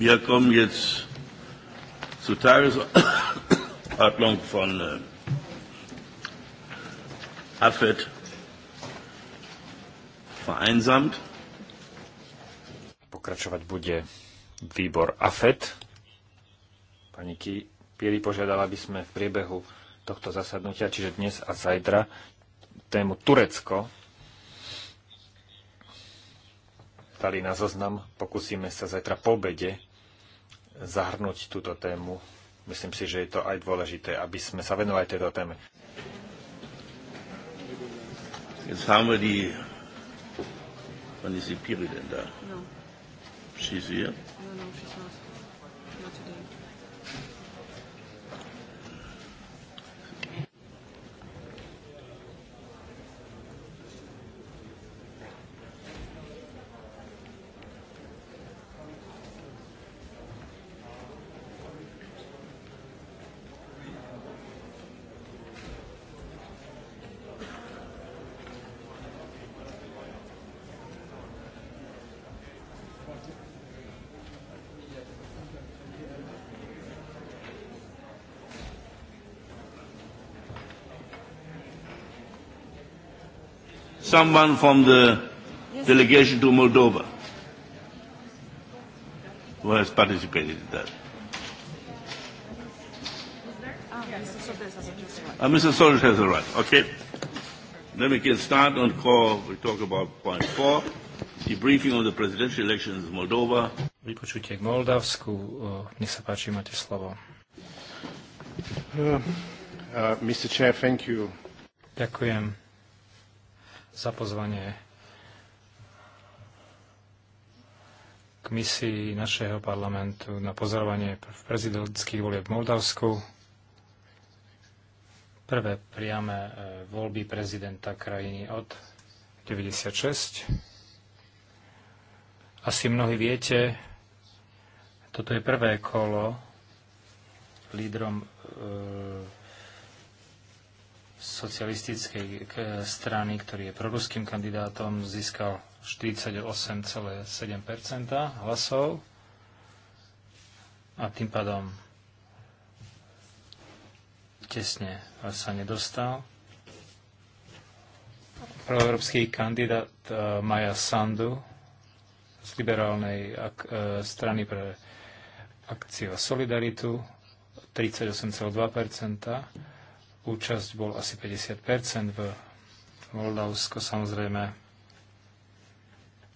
Wir kommen jetzt zur Tagesordnung von äh, vereinsamt. Pokračovať bude výbor Affet. Pani Pieri požiadala, aby sme v priebehu tohto zasadnutia, čiže dnes a zajtra, tému Turecko dali na zoznam. Pokúsime sa zajtra po obede zahrnúť túto tému. Myslím si, že je to aj dôležité, aby sme sa venovali tejto téme. Jetzt haben wir die... Wann ist die Piri denn da? No. someone from the delegation to Moldova who has participated in that. Uh, Mr. Solis has arrived. Okay. Then we can start on call. We talk about point four. The briefing on the presidential elections in Moldova. Vypočujte k Moldavsku. Nech sa páči, máte slovo. Uh, uh, Mr. Chair, thank you. Ďakujem za pozvanie k misii našeho parlamentu na pozorovanie v prezidentských volieb v Moldavsku. Prvé priame e, voľby prezidenta krajiny od 96. Asi mnohí viete, toto je prvé kolo lídrom e, socialistickej eh, strany, ktorý je proruským kandidátom, získal 48,7 hlasov a tým pádom tesne sa nedostal. Proeurópsky kandidát eh, Maja Sandu z liberálnej eh, strany pre akciu solidaritu 38,2 účasť bol asi 50 v Moldavsko samozrejme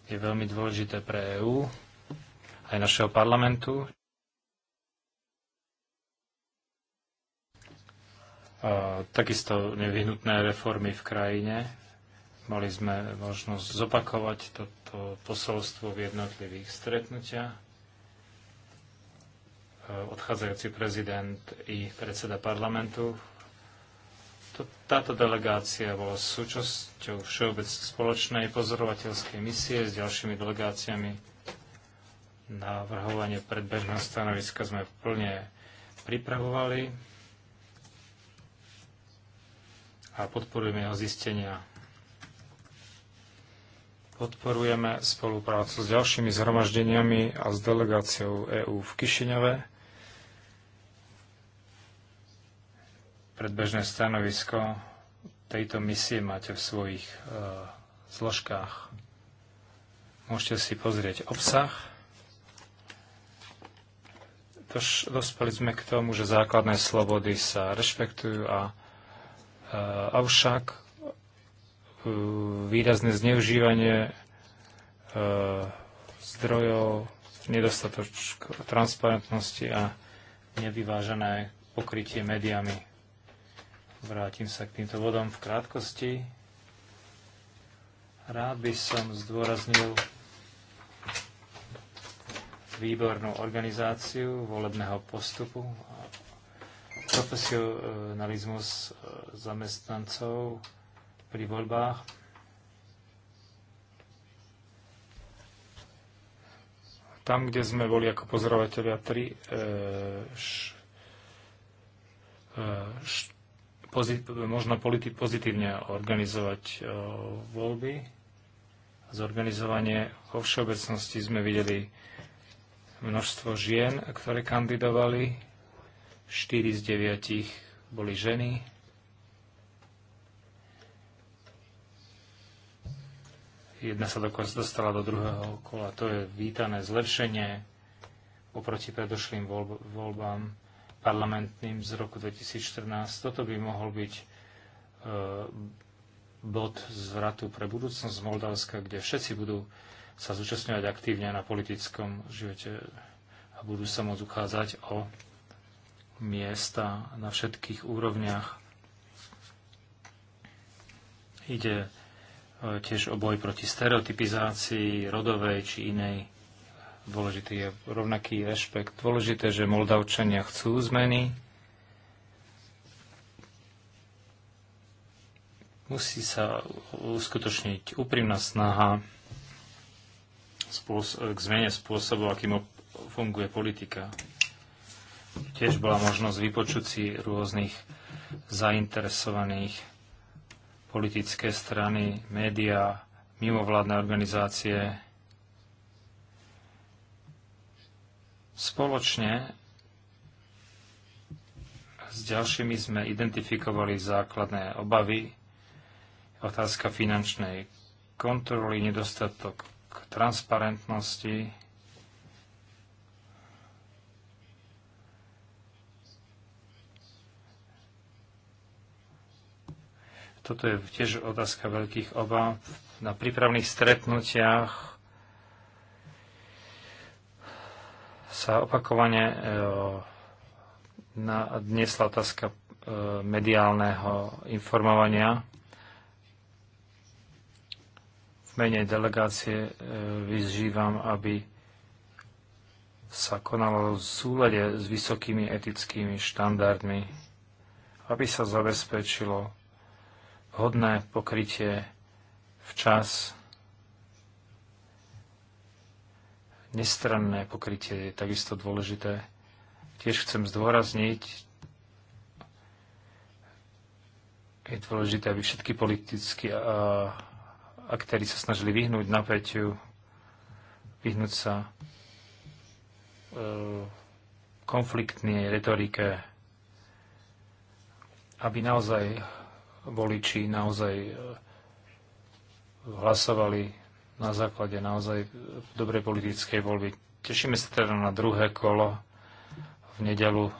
je veľmi dôležité pre EÚ aj našeho parlamentu. A takisto nevyhnutné reformy v krajine. Mali sme možnosť zopakovať toto posolstvo v jednotlivých stretnutiach odchádzajúci prezident i predseda parlamentu táto delegácia bola súčasťou všeobec spoločnej pozorovateľskej misie s ďalšími delegáciami. Navrhovanie predbežného stanoviska sme plne pripravovali a podporujeme jeho zistenia. Podporujeme spoluprácu s ďalšími zhromaždeniami a s delegáciou EÚ v Kišiňove Predbežné stanovisko tejto misie máte v svojich e, zložkách. Môžete si pozrieť obsah. Tož dospeli sme k tomu, že základné slobody sa rešpektujú a e, avšak e, výrazné zneužívanie e, zdrojov, nedostatok transparentnosti a nevyvážené pokrytie médiami Vrátim sa k týmto vodom v krátkosti. Rád by som zdôraznil výbornú organizáciu volebného postupu a profesionalizmus e, zamestnancov pri voľbách. Tam, kde sme boli ako pozorovateľia 3, e, e pozit- možno politi- pozitívne organizovať uh, voľby. Zorganizovanie vo všeobecnosti sme videli množstvo žien, ktoré kandidovali. 4 z 9 boli ženy. Jedna sa dokonca dostala do druhého kola. To je vítané zlepšenie oproti predošlým voľb- voľbám parlamentným z roku 2014. Toto by mohol byť e, bod zvratu pre budúcnosť Moldavska, kde všetci budú sa zúčastňovať aktívne na politickom živote a budú sa môcť uchádzať o miesta na všetkých úrovniach. Ide e, tiež o boj proti stereotypizácii rodovej či inej Dôležitý je rovnaký rešpekt. Dôležité, že Moldavčania chcú zmeny. Musí sa uskutočniť úprimná snaha k zmene spôsobu, akým funguje politika. Tiež bola možnosť vypočuť si rôznych zainteresovaných politické strany, médiá, mimovládne organizácie, Spoločne s ďalšími sme identifikovali základné obavy, otázka finančnej kontroly, nedostatok transparentnosti, toto je tiež otázka veľkých obav. Na prípravných stretnutiach sa opakovane e, dnesla otázka e, mediálneho informovania. V mene delegácie e, vyzývam, aby sa konalo v súlade s vysokými etickými štandardmi, aby sa zabezpečilo vhodné pokrytie včas Nestranné pokrytie je takisto dôležité. Tiež chcem zdôrazniť, je dôležité, aby všetky politickí aktéry sa snažili vyhnúť napätiu, vyhnúť sa e, konfliktnej retorike, aby naozaj voliči naozaj e, hlasovali na základe naozaj dobrej politickej voľby. Tešíme sa teda na druhé kolo v nedelu.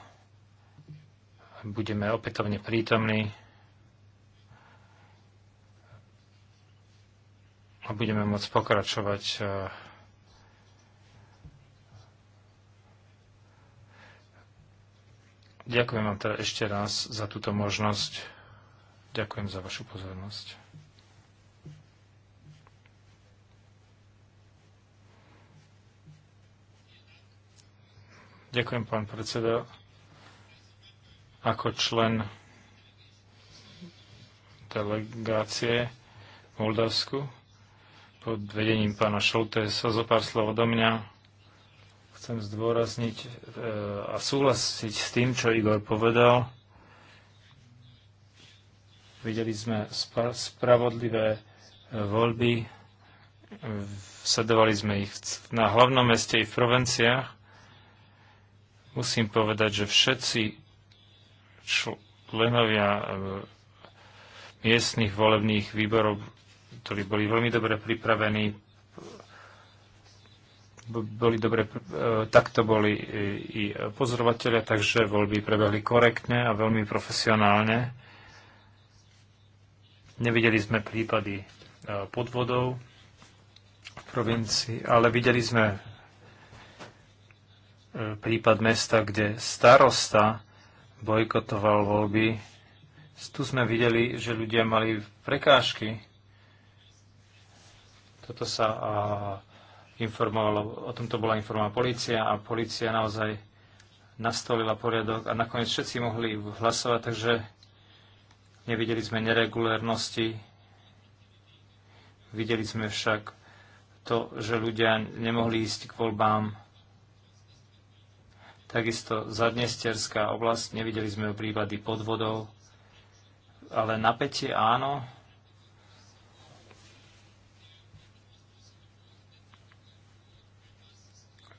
Budeme opätovne prítomní a budeme môcť pokračovať eh, Ďakujem vám teda ešte raz za túto možnosť. Ďakujem za vašu pozornosť. Ďakujem, pán predseda. Ako člen delegácie v Moldavsku pod vedením pána Šoltesa zo pár slov do mňa chcem zdôrazniť e, a súhlasiť s tým, čo Igor povedal. Videli sme spravodlivé e, voľby, sledovali sme ich na hlavnom meste i v provinciách. Musím povedať, že všetci členovia e, miestnych volebných výborov, ktorí boli veľmi dobre pripravení, boli dobre, e, takto boli e, i pozorovateľia, takže voľby prebehli korektne a veľmi profesionálne. Nevideli sme prípady podvodov v provincii, ale videli sme prípad mesta, kde starosta bojkotoval voľby. Tu sme videli, že ľudia mali prekážky. Toto sa a, informovalo, o tomto bola informovaná policia a policia naozaj nastolila poriadok a nakoniec všetci mohli hlasovať, takže nevideli sme neregulérnosti. Videli sme však to, že ľudia nemohli ísť k voľbám Takisto zadnesterská oblasť, nevideli sme ju prípady podvodov, ale napätie áno.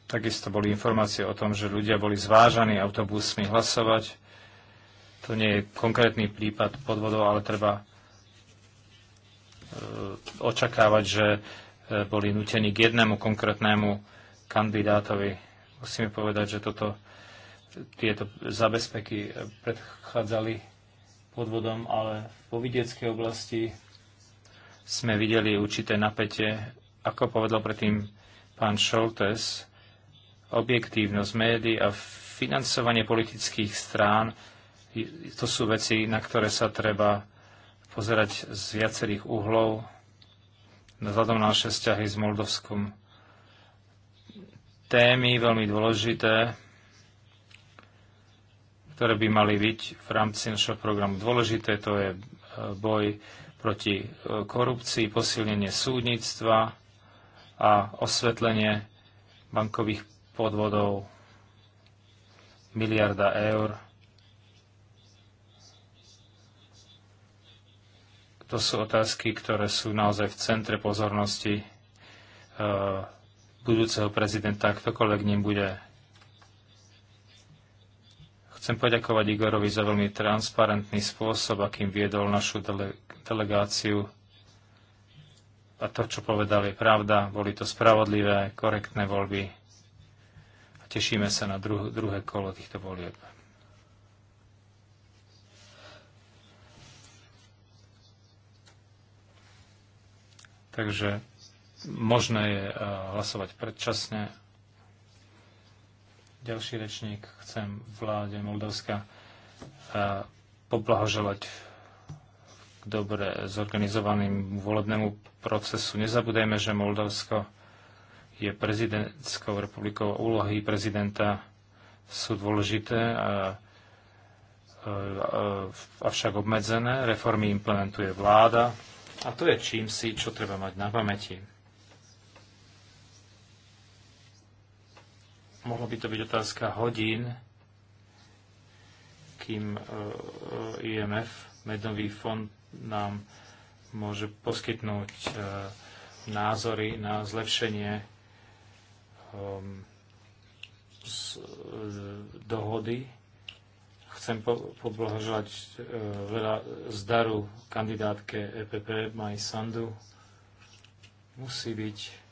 Takisto boli informácie o tom, že ľudia boli zvážaní autobusmi hlasovať. To nie je konkrétny prípad podvodov, ale treba e, očakávať, že e, boli nutení k jednému konkrétnemu kandidátovi. Musíme povedať, že toto tieto zabezpeky predchádzali podvodom, ale po vidieckej oblasti sme videli určité napätie, ako povedal predtým pán Šoltes, objektívnosť médií a financovanie politických strán, to sú veci, na ktoré sa treba pozerať z viacerých uhlov, vzhľadom na naše vzťahy s Moldovskom. Témy veľmi dôležité, ktoré by mali byť v rámci našho programu dôležité. To je e, boj proti e, korupcii, posilnenie súdnictva a osvetlenie bankových podvodov miliarda eur. To sú otázky, ktoré sú naozaj v centre pozornosti e, budúceho prezidenta, ktokoľvek ním bude Chcem poďakovať Igorovi za veľmi transparentný spôsob, akým viedol našu dele- delegáciu. A to, čo povedal, je pravda. Boli to spravodlivé, korektné voľby. A tešíme sa na dru- druhé kolo týchto volieb. Takže možné je eh, hlasovať predčasne ďalší rečník chcem vláde Moldavska e, poblahoželať k dobre zorganizovaným volebnému procesu. Nezabudajme, že Moldavsko je prezidentskou republikou. Úlohy prezidenta sú dôležité, a, e, e, avšak obmedzené. Reformy implementuje vláda. A to je čím si, čo treba mať na pamäti. mohla by to byť otázka hodín, kým e, e, IMF, medový fond, nám môže poskytnúť e, názory na zlepšenie ehm, dohody. Chcem poblahoželať veľa zdaru kandidátke EPP Maj Sandu. Musí byť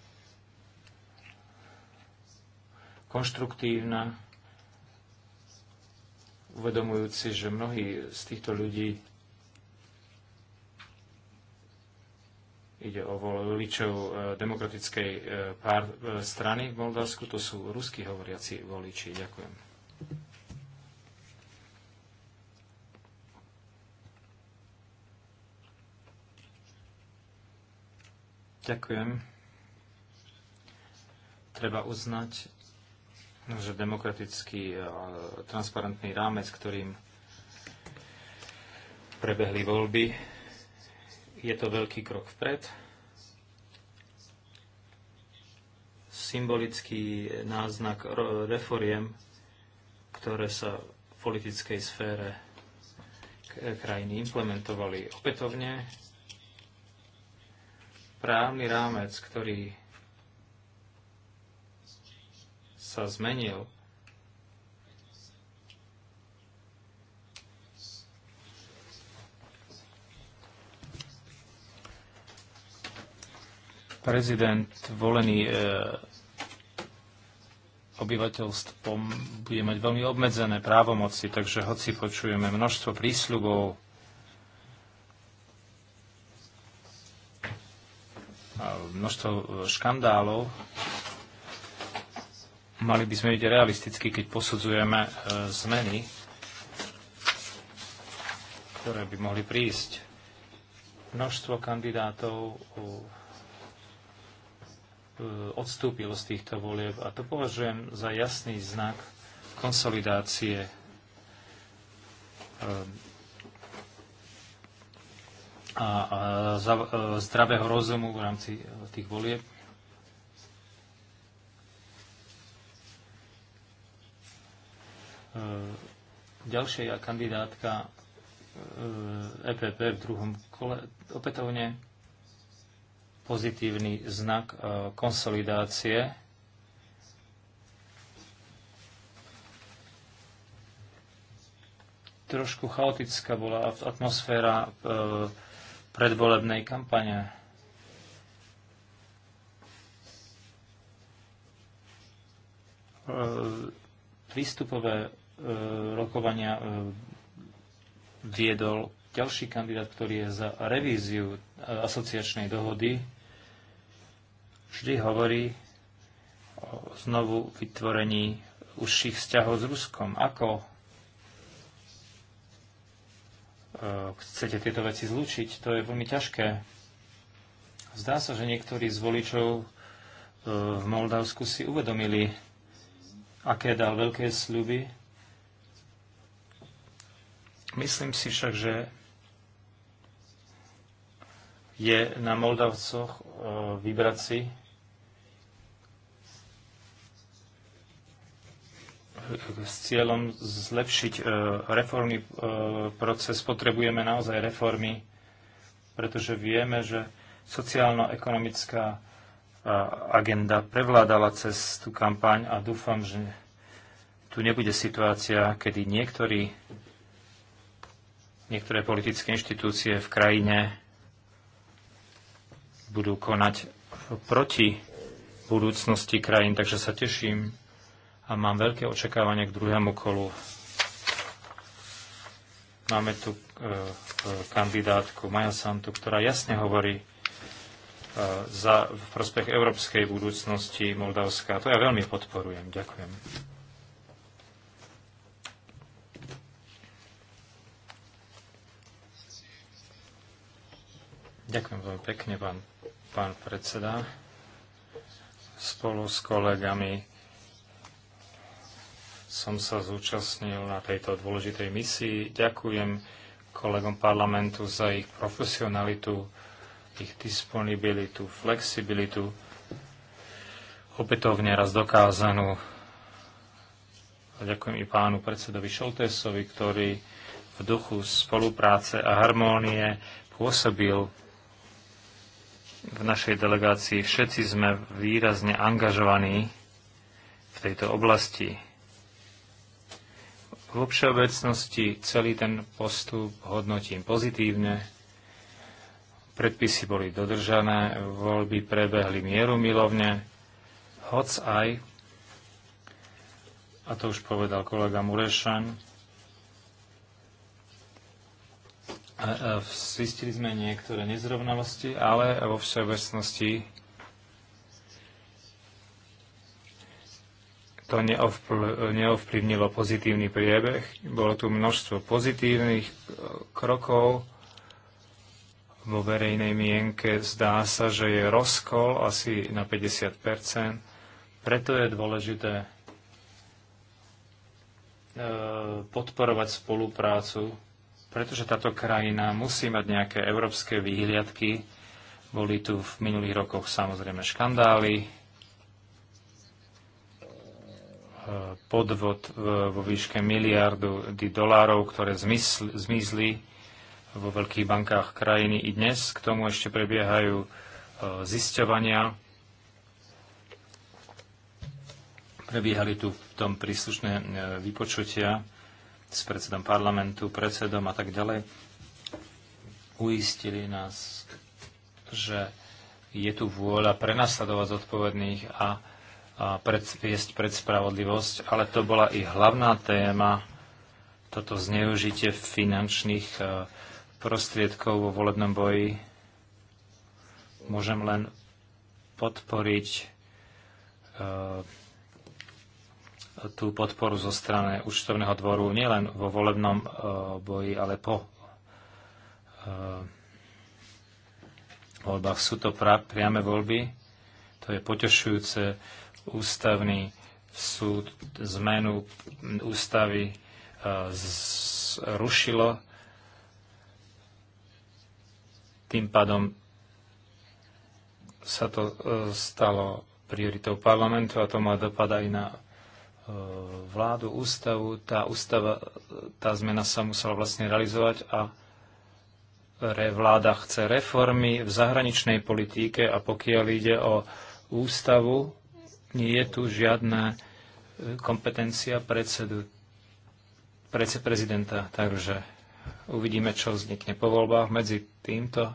konštruktívna, uvedomujúci, že mnohí z týchto ľudí ide o voličov e, demokratickej e, pár e, strany v Moldavsku, to sú rusky hovoriaci voliči. Ďakujem. Ďakujem. Treba uznať, že demokratický e, transparentný rámec, ktorým prebehli voľby, je to veľký krok vpred. Symbolický náznak reforiem, ktoré sa v politickej sfére e, krajiny implementovali opätovne. Právny rámec, ktorý sa zmenil. Prezident volený e, obyvateľstvom bude mať veľmi obmedzené právomoci, takže hoci počujeme množstvo prísľubov a množstvo škandálov, Mali by sme byť realisticky, keď posudzujeme e, zmeny, ktoré by mohli prísť. Množstvo kandidátov e, odstúpilo z týchto volieb a to považujem za jasný znak konsolidácie e, a zdravého rozumu v rámci tých volieb E, ďalšia kandidátka EPP e v druhom kole opätovne pozitívny znak e, konsolidácie. Trošku chaotická bola atmosféra predvolebnej kampane. Prístupové E, rokovania e, viedol ďalší kandidát, ktorý je za revíziu e, asociačnej dohody, vždy hovorí o znovu vytvorení užších vzťahov s Ruskom. Ako chcete tieto veci zlúčiť, to je veľmi ťažké. Zdá sa, že niektorí z voličov v Moldavsku si uvedomili, aké dal veľké sľuby Myslím si však, že je na Moldavcoch e, vybrať si e, s cieľom zlepšiť e, reformný proces. Potrebujeme naozaj reformy, pretože vieme, že sociálno-ekonomická agenda prevládala cez tú kampaň a dúfam, že tu nebude situácia, kedy niektorí niektoré politické inštitúcie v krajine budú konať proti budúcnosti krajín, takže sa teším a mám veľké očakávanie k druhému kolu. Máme tu e, e, kandidátku Maja Santu, ktorá jasne hovorí e, za, v prospech európskej budúcnosti Moldavska. To ja veľmi podporujem. Ďakujem. Ďakujem veľmi pekne, pán, pán predseda. Spolu s kolegami som sa zúčastnil na tejto dôležitej misii. Ďakujem kolegom parlamentu za ich profesionalitu, ich disponibilitu, flexibilitu, opätovne raz dokázanú. A ďakujem i pánu predsedovi Šoltésovi, ktorý v duchu spolupráce a harmónie pôsobil v našej delegácii všetci sme výrazne angažovaní v tejto oblasti. V všeobecnosti celý ten postup hodnotím pozitívne. Predpisy boli dodržané, voľby prebehli mierumilovne, hoc aj, a to už povedal kolega Murešan, Zistili sme niektoré nezrovnalosti, ale vo všeobecnosti to neovplyvnilo pozitívny priebeh. Bolo tu množstvo pozitívnych e, krokov vo verejnej mienke. Zdá sa, že je rozkol asi na 50 Preto je dôležité e, podporovať spoluprácu pretože táto krajina musí mať nejaké európske výhliadky. Boli tu v minulých rokoch samozrejme škandály, e, podvod e, vo výške miliardu dolárov, ktoré zmizli vo veľkých bankách krajiny i dnes. K tomu ešte prebiehajú e, zisťovania. Prebiehali tu v tom príslušné vypočutia s predsedom parlamentu, predsedom a tak ďalej, uistili nás, že je tu vôľa prenasledovať zodpovedných a, a predviesť pred spravodlivosť, ale to bola i hlavná téma, toto zneužitie finančných e, prostriedkov vo volebnom boji. Môžem len podporiť e, tú podporu zo strany účtovného dvoru nielen vo volebnom e, boji, ale po e, voľbách. Sú to pra, priame voľby. To je potešujúce. Ústavný súd zmenu ústavy e, zrušilo. Tým pádom sa to stalo prioritou parlamentu a to má dopad aj na vládu, ústavu. Tá ústava, tá zmena sa musela vlastne realizovať a re, vláda chce reformy v zahraničnej politike a pokiaľ ide o ústavu, nie je tu žiadna e, kompetencia predsedu, predse prezidenta. Takže uvidíme, čo vznikne po voľbách medzi týmto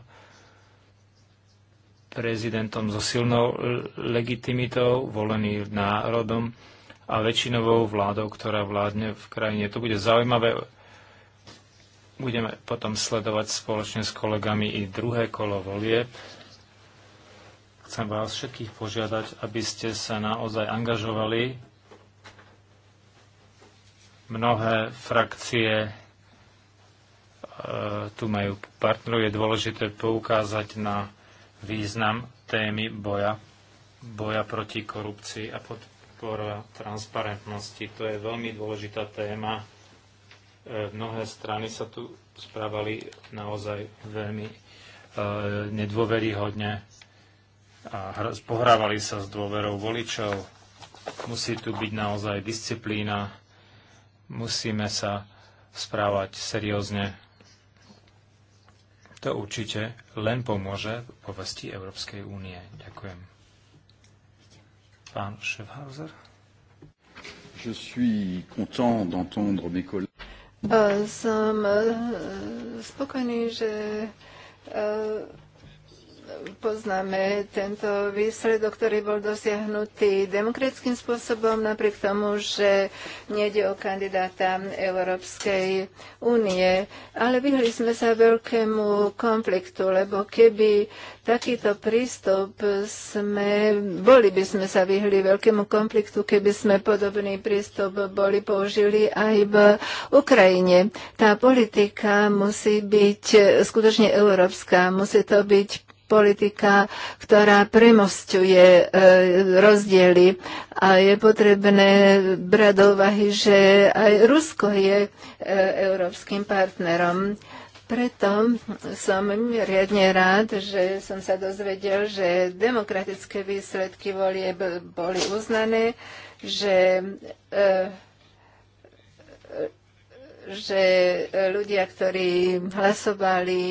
prezidentom so silnou e, legitimitou, volený národom, a väčšinovou vládou, ktorá vládne v krajine. To bude zaujímavé. Budeme potom sledovať spoločne s kolegami i druhé kolo volieb. Chcem vás všetkých požiadať, aby ste sa naozaj angažovali. Mnohé frakcie e, tu majú partnerov, je dôležité poukázať na význam témy boja, boja proti korupcii a pod, skôr transparentnosti. To je veľmi dôležitá téma. E, mnohé strany sa tu správali naozaj veľmi e, nedôveryhodne a pohrávali sa s dôverou voličov. Musí tu byť naozaj disciplína, musíme sa správať seriózne. To určite len pomôže povesti Európskej únie. Ďakujem. Pán Schaffhauser. Je suis content d'entendre mes collègues. Som eh, spokojný, že eh, poznáme tento výsledok, ktorý bol dosiahnutý demokratickým spôsobom, napriek tomu, že nejde o kandidáta Európskej únie. Ale vyhli sme sa veľkému konfliktu, lebo keby takýto prístup sme, boli by sme sa vyhli veľkému konfliktu, keby sme podobný prístup boli použili aj v Ukrajine. Tá politika musí byť skutočne európska, musí to byť politika, ktorá premostuje e, rozdiely a je potrebné brať do úvahy, že aj Rusko je e, európskym partnerom. Preto som riadne rád, že som sa dozvedel, že demokratické výsledky volie boli uznané, že e, že ľudia, ktorí hlasovali,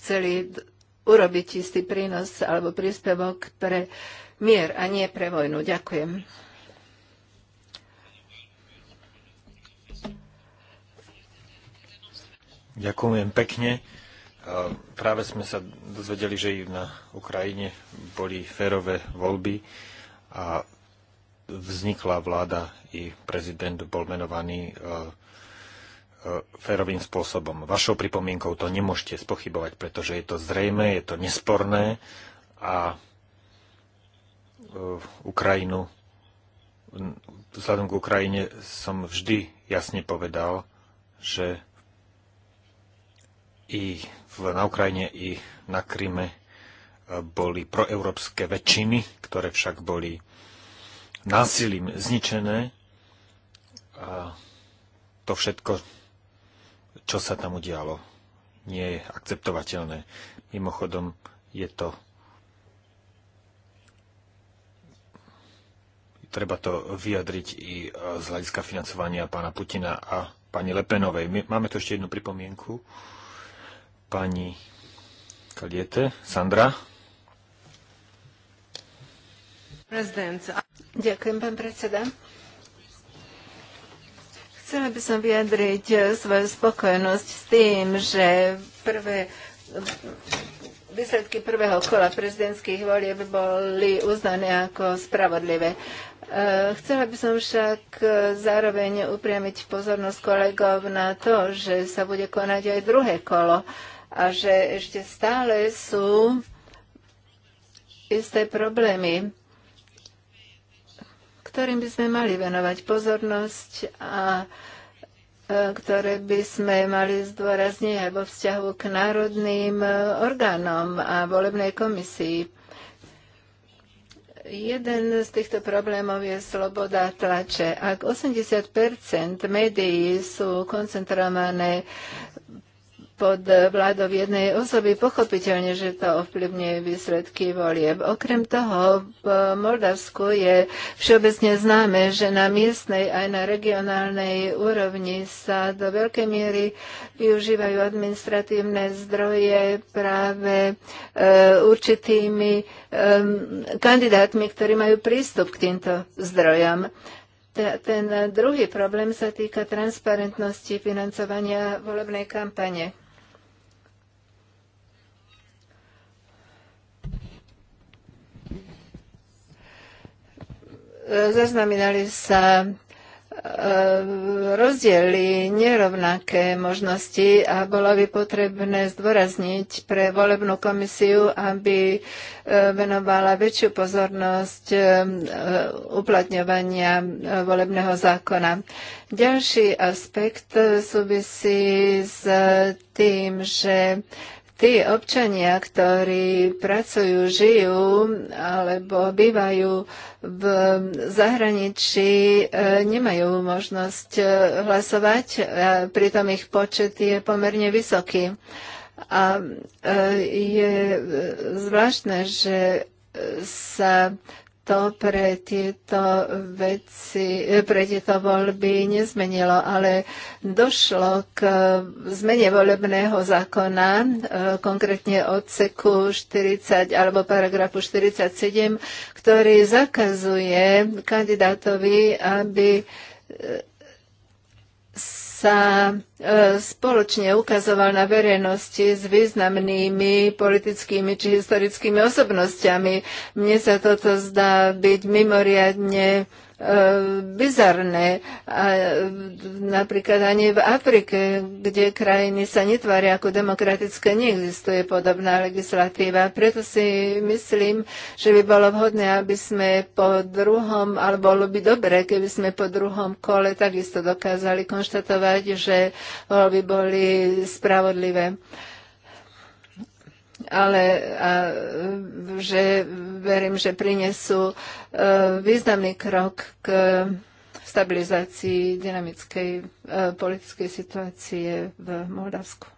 chceli urobiť istý prínos alebo príspevok pre mier a nie pre vojnu. Ďakujem. Ďakujem pekne. Práve sme sa dozvedeli, že i na Ukrajine boli férové voľby a vznikla vláda i prezident bol menovaný férovým spôsobom. Vašou pripomienkou to nemôžete spochybovať, pretože je to zrejme, je to nesporné a e, Ukrajinu, vzhľadom k Ukrajine som vždy jasne povedal, že i na Ukrajine, i na Kryme e, boli proeurópske väčšiny, ktoré však boli násilím zničené. A to všetko čo sa tam udialo, nie je akceptovateľné. Mimochodom, je to treba to vyjadriť i e, z hľadiska financovania pána Putina a pani Lepenovej. My máme tu ešte jednu pripomienku. Pani Kaliete, Sandra. Prezident. Ďakujem, pán predseda. Chcela by som vyjadriť eh, svoju spokojnosť s tým, že prvé výsledky prvého kola prezidentských volieb boli uznané ako spravodlivé. Eh, chcela by som však eh, zároveň upriamiť pozornosť kolegov na to, že sa bude konať aj druhé kolo a že ešte stále sú isté problémy ktorým by sme mali venovať pozornosť a e, ktoré by sme mali zdôrazniť aj vo vzťahu k národným e, orgánom a volebnej komisii. Jeden z týchto problémov je sloboda tlače. Ak 80 médií sú koncentrované pod vládou jednej osoby, pochopiteľne, že to ovplyvňuje výsledky volieb. Okrem toho, v Moldavsku je všeobecne známe, že na miestnej aj na regionálnej úrovni sa do veľkej miery využívajú administratívne zdroje práve e, určitými e, kandidátmi, ktorí majú prístup k týmto zdrojom. Ten druhý problém sa týka transparentnosti financovania volebnej kampane. zaznamenali sa e, rozdiely, nerovnaké možnosti a bolo by potrebné zdôrazniť pre volebnú komisiu, aby e, venovala väčšiu pozornosť e, uplatňovania volebného zákona. Ďalší aspekt súvisí s tým, že tí občania, ktorí pracujú, žijú alebo bývajú v zahraničí, e, nemajú možnosť e, hlasovať, a pritom ich počet je pomerne vysoký. A e, je zvláštne, že sa to pre tieto veci, eh, pre tieto voľby nezmenilo, ale došlo k eh, zmene volebného zákona, eh, konkrétne odseku 40 alebo paragrafu 47, ktorý zakazuje kandidátovi, aby sa e, spoločne ukazoval na verejnosti s významnými politickými či historickými osobnostiami. Mne sa toto zdá byť mimoriadne E, bizarné. A e, napríklad ani v Afrike, kde krajiny sa netvária ako demokratické, neexistuje podobná legislatíva. Preto si myslím, že by bolo vhodné, aby sme po druhom, alebo bolo by dobre, keby sme po druhom kole takisto dokázali konštatovať, že voľby boli spravodlivé ale a, že verím, že prinesú e, významný krok k stabilizácii dynamickej e, politickej situácie v Moldavsku.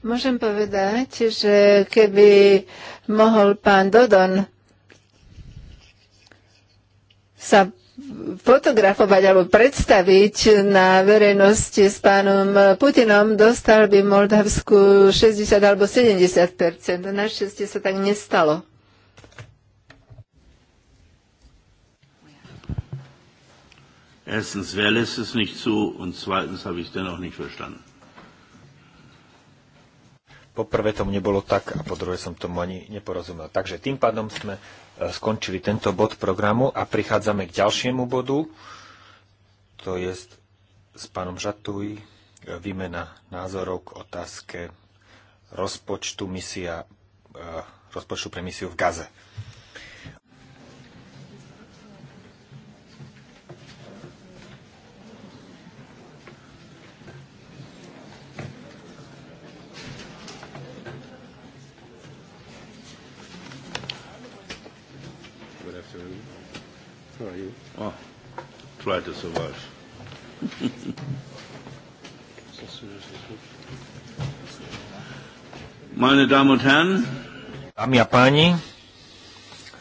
Môžem povedať, že keby mohol pán Dodon sa fotografovať alebo predstaviť na verejnosti s pánom Putinom, dostal by Moldavsku 60 alebo 70 Našťastie sa tak nestalo. Erstens, wer lässt es nicht zu? Und zweitens habe ich es dennoch nicht verstanden. Poprvé tomu nebolo tak a po druhé som tomu ani neporozumel. Takže tým pádom sme e, skončili tento bod programu a prichádzame k ďalšiemu bodu. To je s pánom Žatuj e, výmena názorov k otázke rozpočtu misia, e, rozpočtu pre misiu v Gaze. Zweite Meine Damen und Herren, Dámy a páni,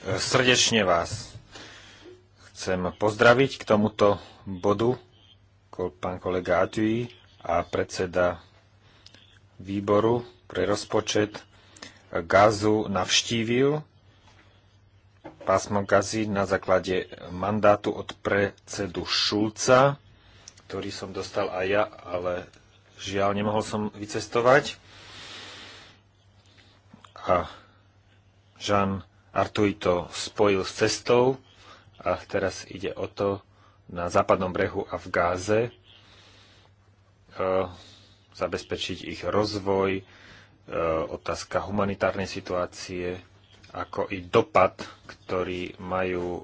srdečne vás chcem pozdraviť k tomuto bodu pán kolega Atui a predseda výboru pre rozpočet Gazu navštívil pásmo Gazi na základe mandátu od predsedu Šulca, ktorý som dostal aj ja, ale žiaľ nemohol som vycestovať. A Jean Artuj to spojil s cestou a teraz ide o to na západnom brehu a v Gáze e, zabezpečiť ich rozvoj, e, otázka humanitárnej situácie, ako i dopad, ktorý majú e,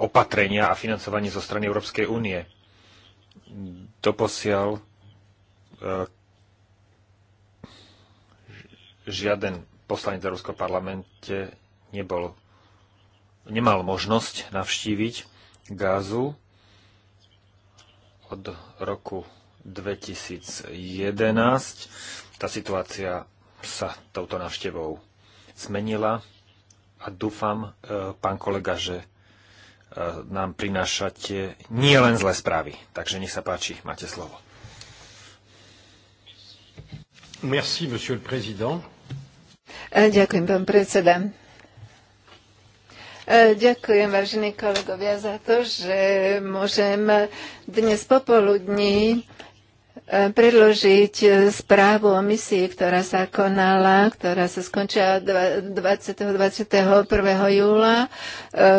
opatrenia a financovanie zo strany Európskej únie. Doposiaľ e, žiaden poslanec Európskom parlamente nebol, nemal možnosť navštíviť Gázu od roku 2011. Tá situácia sa touto návštevou zmenila a dúfam, e, pán kolega, že e, nám prinášate nie len zlé správy. Takže nech sa páči, máte slovo. Merci, monsieur le président. E, ďakujem, pán predseda. Ďakujem, vážení kolegovia, za to, že môžem dnes popoludní predložiť e, správu o misii, ktorá sa konala, ktorá sa skončila 20. 21. júla. E,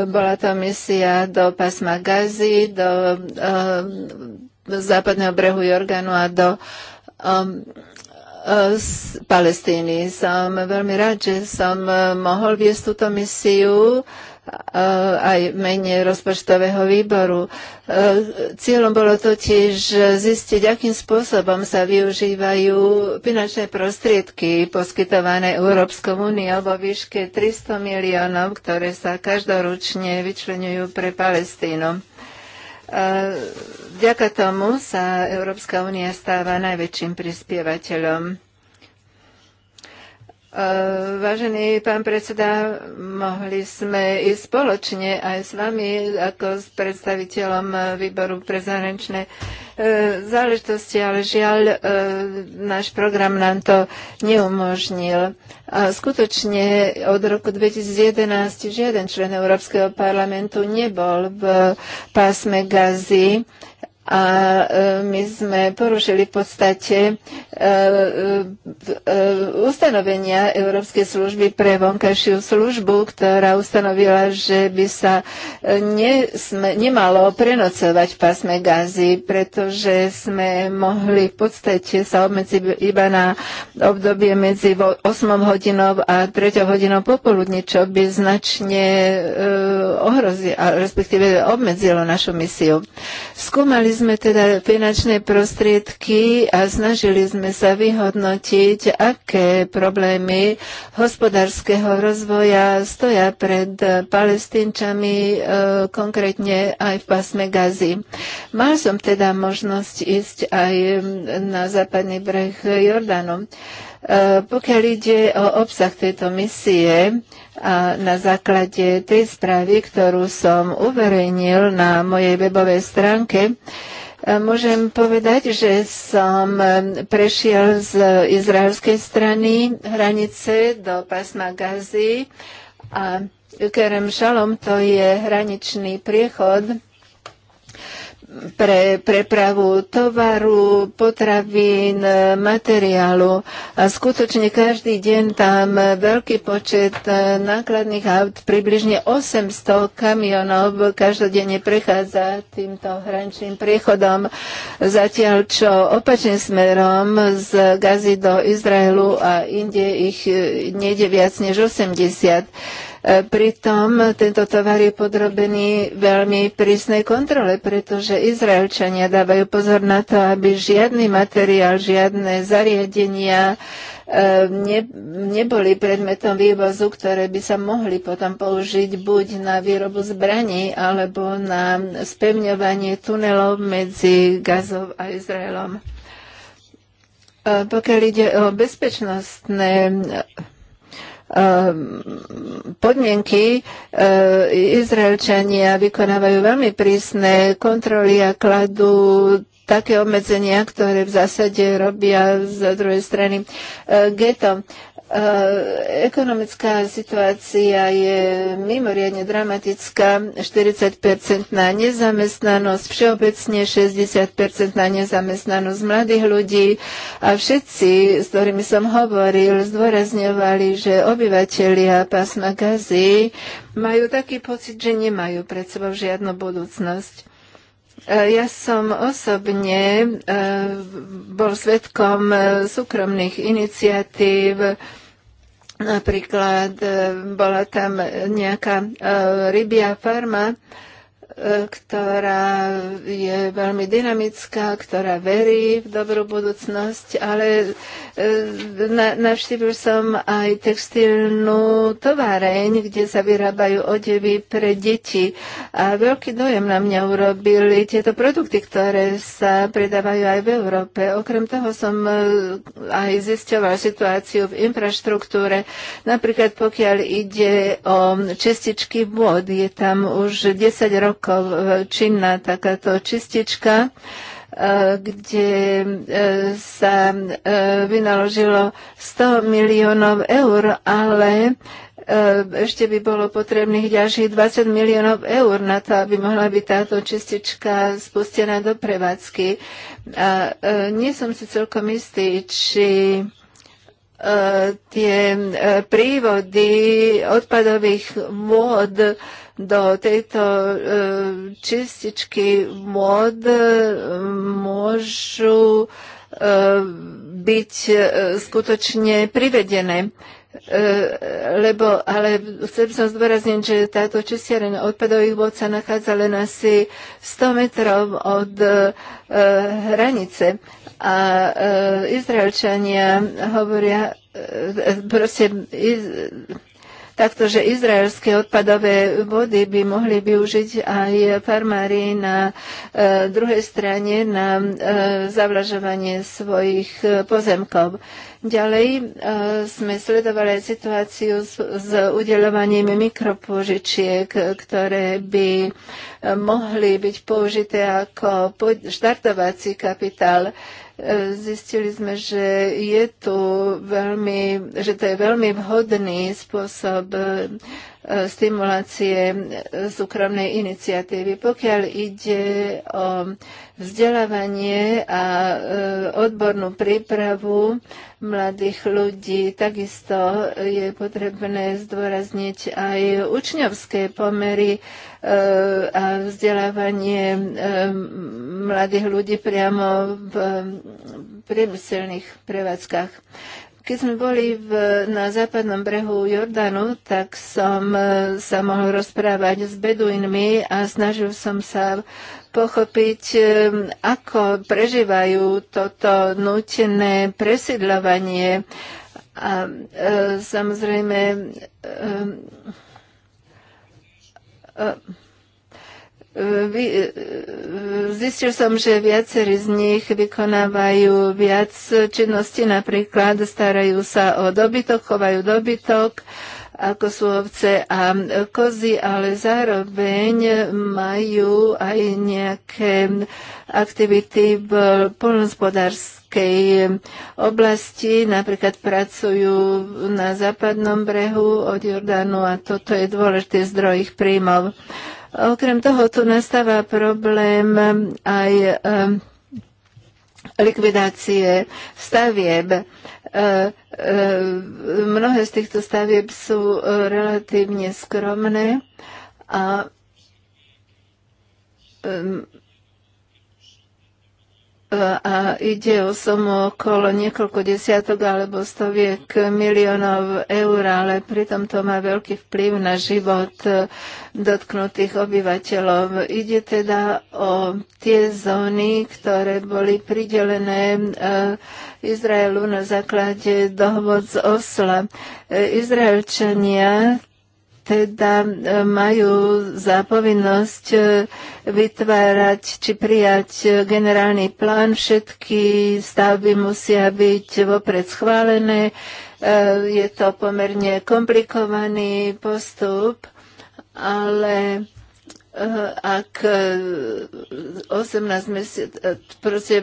bola to misia do pasma Gazi, do e, západného brehu Jorganu a do z um, Palestíny. Som veľmi rád, že som mohol viesť túto misiu aj v mene rozpočtového výboru. E, cieľom bolo totiž zistiť, akým spôsobom sa využívajú finančné prostriedky poskytované Európskou úniou vo výške 300 miliónov, ktoré sa každoročne vyčlenujú pre Palestínu. E, vďaka tomu sa Európska únia stáva najväčším prispievateľom E, vážený pán predseda, mohli sme ísť spoločne aj s vami ako s predstaviteľom výboru pre zahraničné e, záležitosti, ale žiaľ, e, náš program nám to neumožnil. A skutočne od roku 2011 žiaden člen Európskeho parlamentu nebol v pásme Gazy a e, my sme porušili v podstate e, e, ustanovenia Európskej služby pre vonkajšiu službu, ktorá ustanovila, že by sa nesme, nemalo prenocovať v pásme Gazy, pretože sme mohli v podstate sa obmedziť iba na obdobie medzi 8 hodinou a 3 hodinou popoludní, čo by značne ohrozilo, respektíve obmedzilo našu misiu. Skúmali sme teda finančné prostriedky a snažili sme sa vyhodnotiť, aké problémy hospodárskeho rozvoja stoja pred palestínčami, e, konkrétne aj v pásme Gazy. Mal som teda možnosť ísť aj na západný breh Jordánu. E, pokiaľ ide o obsah tejto misie, a na základe tej správy, ktorú som uverejnil na mojej webovej stránke, e, Môžem povedať, že som prešiel z izraelskej strany hranice do pásma Gazy a Kerem Šalom to je hraničný priechod pre prepravu tovaru, potravín, materiálu. A skutočne každý deň tam veľký počet nákladných aut, približne 800 kamionov každodenne prechádza týmto hraničným priechodom. Zatiaľ čo opačným smerom z Gazy do Izraelu a inde ich e, nejde viac než 80. E, pritom tento tovar je podrobený veľmi prísnej kontrole, pretože Izraelčania dávajú pozor na to, aby žiadny materiál, žiadne zariadenia e, ne, neboli predmetom vývozu, ktoré by sa mohli potom použiť buď na výrobu zbraní alebo na spevňovanie tunelov medzi Gazov a Izraelom. E, pokiaľ ide o bezpečnostné Ehm, podmienky. Eh, Izraelčania vykonávajú veľmi prísne kontroly a kladú také obmedzenia, ktoré v zásade robia z druhej strany eh, geto. E, ekonomická situácia je mimoriadne dramatická. 40-percentná nezamestnanosť, všeobecne 60-percentná nezamestnanosť mladých ľudí a všetci, s ktorými som hovoril, zdôrazňovali, že obyvateľia pásma Gazy majú taký pocit, že nemajú pred sebou žiadnu budúcnosť. Eh, ja som osobne eh, bol svetkom eh, súkromných iniciatív, napríklad bola tam nejaká rybia farma, ktorá je veľmi dynamická, ktorá verí v dobrú budúcnosť, ale e, na, navštívil som aj textilnú továreň, kde sa vyrábajú odevy pre deti a veľký dojem na mňa urobili tieto produkty, ktoré sa predávajú aj v Európe. Okrem toho som e, aj zisťoval situáciu v infraštruktúre. Napríklad pokiaľ ide o čestičky vôd, je tam už 10 rokov ako činná takáto čistička e, kde e, sa e, vynaložilo 100 miliónov eur, ale ešte by bolo potrebných ďalších 20 miliónov eur na to, aby mohla byť táto čistička spustená do prevádzky. A nie som si celkom istý, či tie prívody odpadových vôd do tejto e, čističky môd e, môžu e, byť skutočne privedené lebo, ale chcem sa zdôrazniť, že táto čistiareň odpadových vod sa nachádza len asi 100 metrov od e, hranice. A e, Izraelčania hovoria, e, prosím, iz, takto, že izraelské odpadové vody by mohli využiť aj farmári na e, druhej strane na e, zavlažovanie svojich e, pozemkov. Ďalej sme sledovali situáciu s, s udelovaním mikropožičiek, ktoré by mohli byť použité ako štartovací kapitál. E, zistili sme, že je tu veľmi, že to je veľmi vhodný spôsob stimulácie súkromnej iniciatívy. Pokiaľ ide o vzdelávanie a e, odbornú prípravu mladých ľudí, takisto je potrebné zdôrazniť aj učňovské pomery e, a vzdelávanie e, mladých ľudí priamo v priemyselných prevádzkach. Keď sme boli v, na západnom brehu Jordánu, tak som e, sa mohol rozprávať s beduinmi a snažil som sa pochopiť, e, ako prežívajú toto nutené presidľovanie. A e, samozrejme, e, e, E, zistil som, že viacerí z nich vykonávajú viac činností, napríklad starajú sa o dobytok, chovajú dobytok, ako sú ovce a kozy, ale zároveň majú aj nejaké aktivity v polnospodárskej oblasti, napríklad pracujú na západnom brehu od Jordánu a toto je dôležitý zdroj ich príjmov. Okrem toho tu nastáva problém aj likvidácie stavieb. E, e, mnohé z týchto stavieb sú e, relatívne skromné a a ide o sumu okolo niekoľko desiatok alebo stoviek miliónov eur, ale pritom to má veľký vplyv na život dotknutých obyvateľov. Ide teda o tie zóny, ktoré boli pridelené e, Izraelu na základe dohovod z Osla. E, Izraelčania teda e, majú za povinnosť e, vytvárať či prijať e, generálny plán. Všetky stavby musia byť vopred schválené. Je to pomerne komplikovaný postup, ale Eh, ak 18 eh, mesiac, eh, proste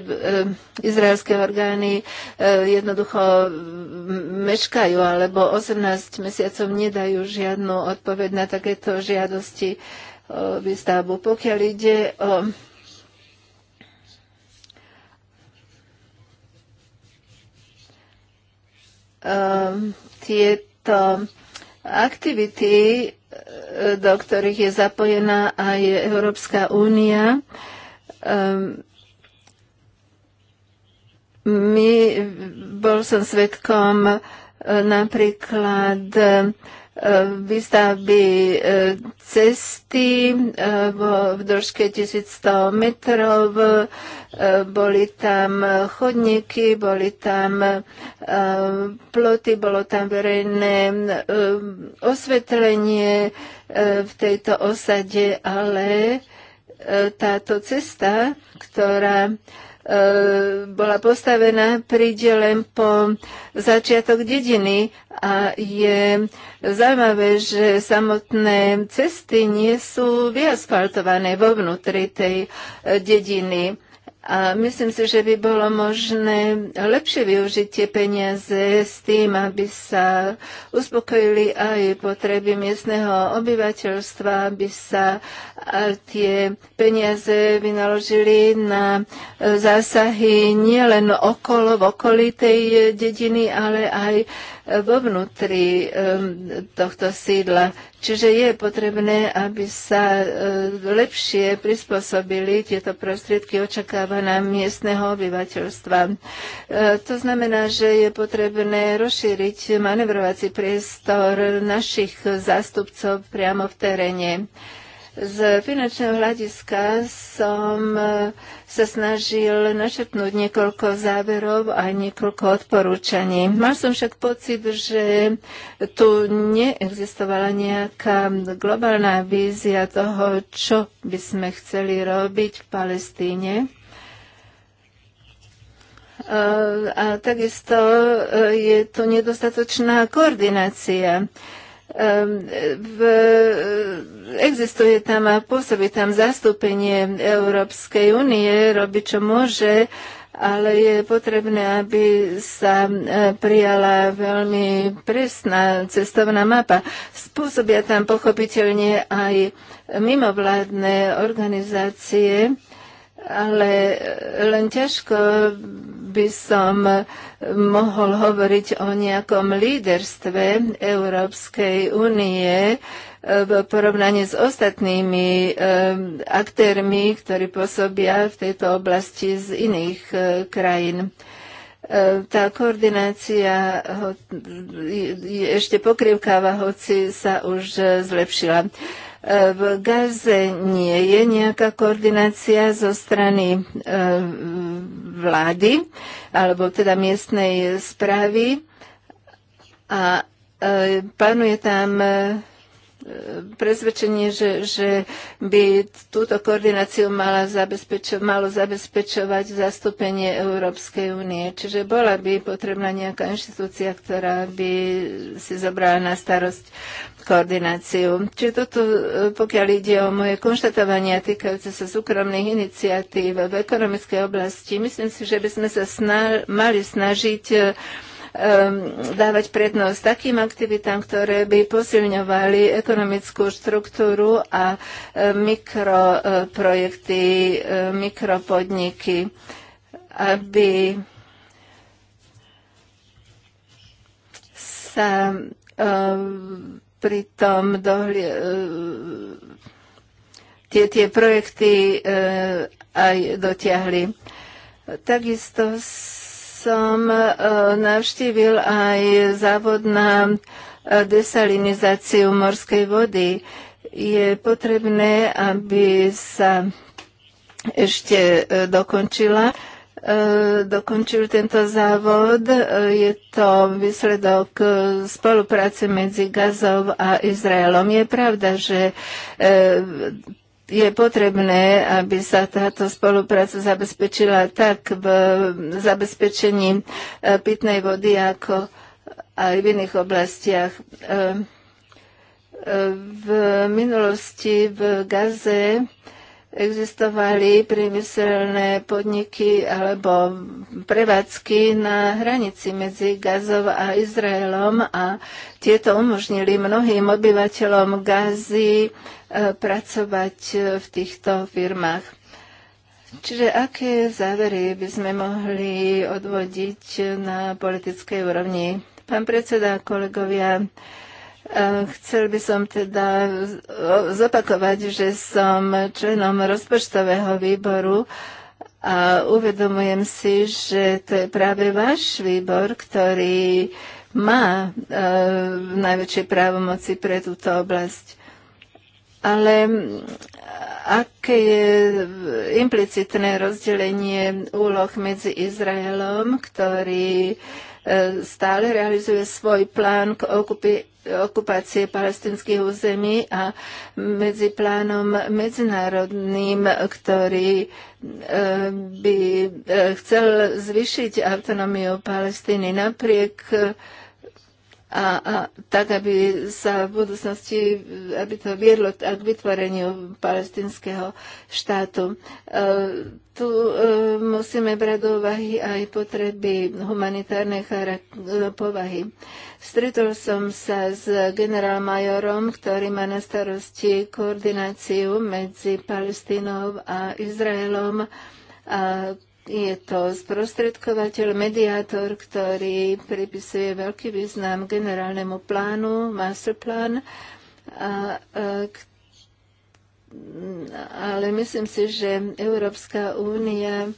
izraelské orgány jednoducho mm, meškajú alebo 18 mesiacov nedajú žiadnu odpoveď na takéto žiadosti o výstavbu. Pokiaľ ide o tieto aktivity, do ktorých je zapojená aj Európska únia. Ehm, my, bol som svetkom e, napríklad E, výstavby e, cesty e, v dĺžke 1100 metrov. Boli tam chodníky, boli tam ploty, bolo tam verejné osvetlenie v tejto osade, ale táto cesta, ktorá E, bola postavená prídelem po začiatok dediny a je zaujímavé, že samotné cesty nie sú vyasfaltované vo vnútri tej e, dediny. A myslím si, že by bolo možné lepšie tie peniaze s tým, aby sa uspokojili aj potreby miestneho obyvateľstva, aby sa tie peniaze vynaložili na e, zásahy nielen okolo, v okolí tej dediny, ale aj vo vnútri ehm, tohto sídla. Čiže je potrebné, aby sa eh, lepšie prispôsobili tieto prostriedky očakávaná miestneho obyvateľstva. Eh, to znamená, že je potrebné rozšíriť manevrovací priestor našich zástupcov priamo v teréne. Z finančného hľadiska som e, sa snažil našetnúť niekoľko záverov a niekoľko odporúčaní. Mal som však pocit, že tu neexistovala nejaká globálna vízia toho, čo by sme chceli robiť v Palestíne. E, a takisto e, je tu nedostatočná koordinácia. Ehm, v, existuje tam a pôsobí tam zastúpenie Európskej únie, robí čo môže, ale je potrebné, aby sa e, prijala veľmi presná cestovná mapa. Spôsobia tam pochopiteľne aj mimovládne organizácie, ale e, len ťažko by som mohol hovoriť o nejakom líderstve Európskej únie e, v porovnaní s ostatnými e, aktérmi, ktorí pôsobia v tejto oblasti z iných krajín tá koordinácia ešte pokrivkáva, hoci sa už zlepšila. V Gaze nie je nejaká koordinácia zo strany e, vlády, alebo teda miestnej správy a e, panuje tam e, Prezvedčenie, že, že by túto koordináciu mala zabezpečo- malo zabezpečovať zastúpenie Európskej únie. Čiže bola by potrebná nejaká inštitúcia, ktorá by si zobrala na starosť koordináciu. Čiže toto, e, pokiaľ ide o moje konštatovania týkajúce sa súkromných iniciatív v ekonomickej oblasti, myslím si, že by sme sa snaž, mali snažiť e, Um, dávať prednosť takým aktivitám, ktoré by posilňovali ekonomickú štruktúru a um, mikroprojekty, um, mikropodniky, aby sa pritom dohli, uh, tie, tie projekty uh, aj dotiahli. Takisto som e, navštívil aj závod na e, desalinizáciu morskej vody. Je potrebné, aby sa ešte e, dokončila dokončil tento závod. Je to výsledok spolupráce medzi Gazov a Izraelom. Je pravda, že je potrebné, aby sa táto spolupráca zabezpečila tak v zabezpečení e, pitnej vody, ako aj v iných oblastiach. E, e, v minulosti v Gaze existovali priemyselné podniky alebo prevádzky na hranici medzi Gazov a Izraelom a tieto umožnili mnohým obyvateľom Gazy E, pracovať e, v týchto firmách. Čiže aké závery by sme mohli odvodiť na politickej úrovni? Pán predseda, kolegovia, e, Chcel by som teda zopakovať, že som členom rozpočtového výboru a uvedomujem si, že to je práve váš výbor, ktorý má e, najväčšie právomoci pre túto oblasť ale aké je implicitné rozdelenie úloh medzi Izraelom, ktorý e, stále realizuje svoj plán k okupi- okupácie palestinských území a medzi plánom medzinárodným, ktorý e, by e, chcel zvyšiť autonómiu Palestíny napriek a, a tak, aby sa v budúcnosti, aby to viedlo k vytvoreniu palestinského štátu. E, tu e, musíme brať do úvahy aj potreby humanitárnej e, povahy. Stretol som sa s generálmajorom, ktorý má na starosti koordináciu medzi Palestínou a Izraelom a je to sprostredkovateľ, mediátor, ktorý pripisuje veľký význam generálnemu plánu, masterplan, a, a, ale myslím si, že Európska únia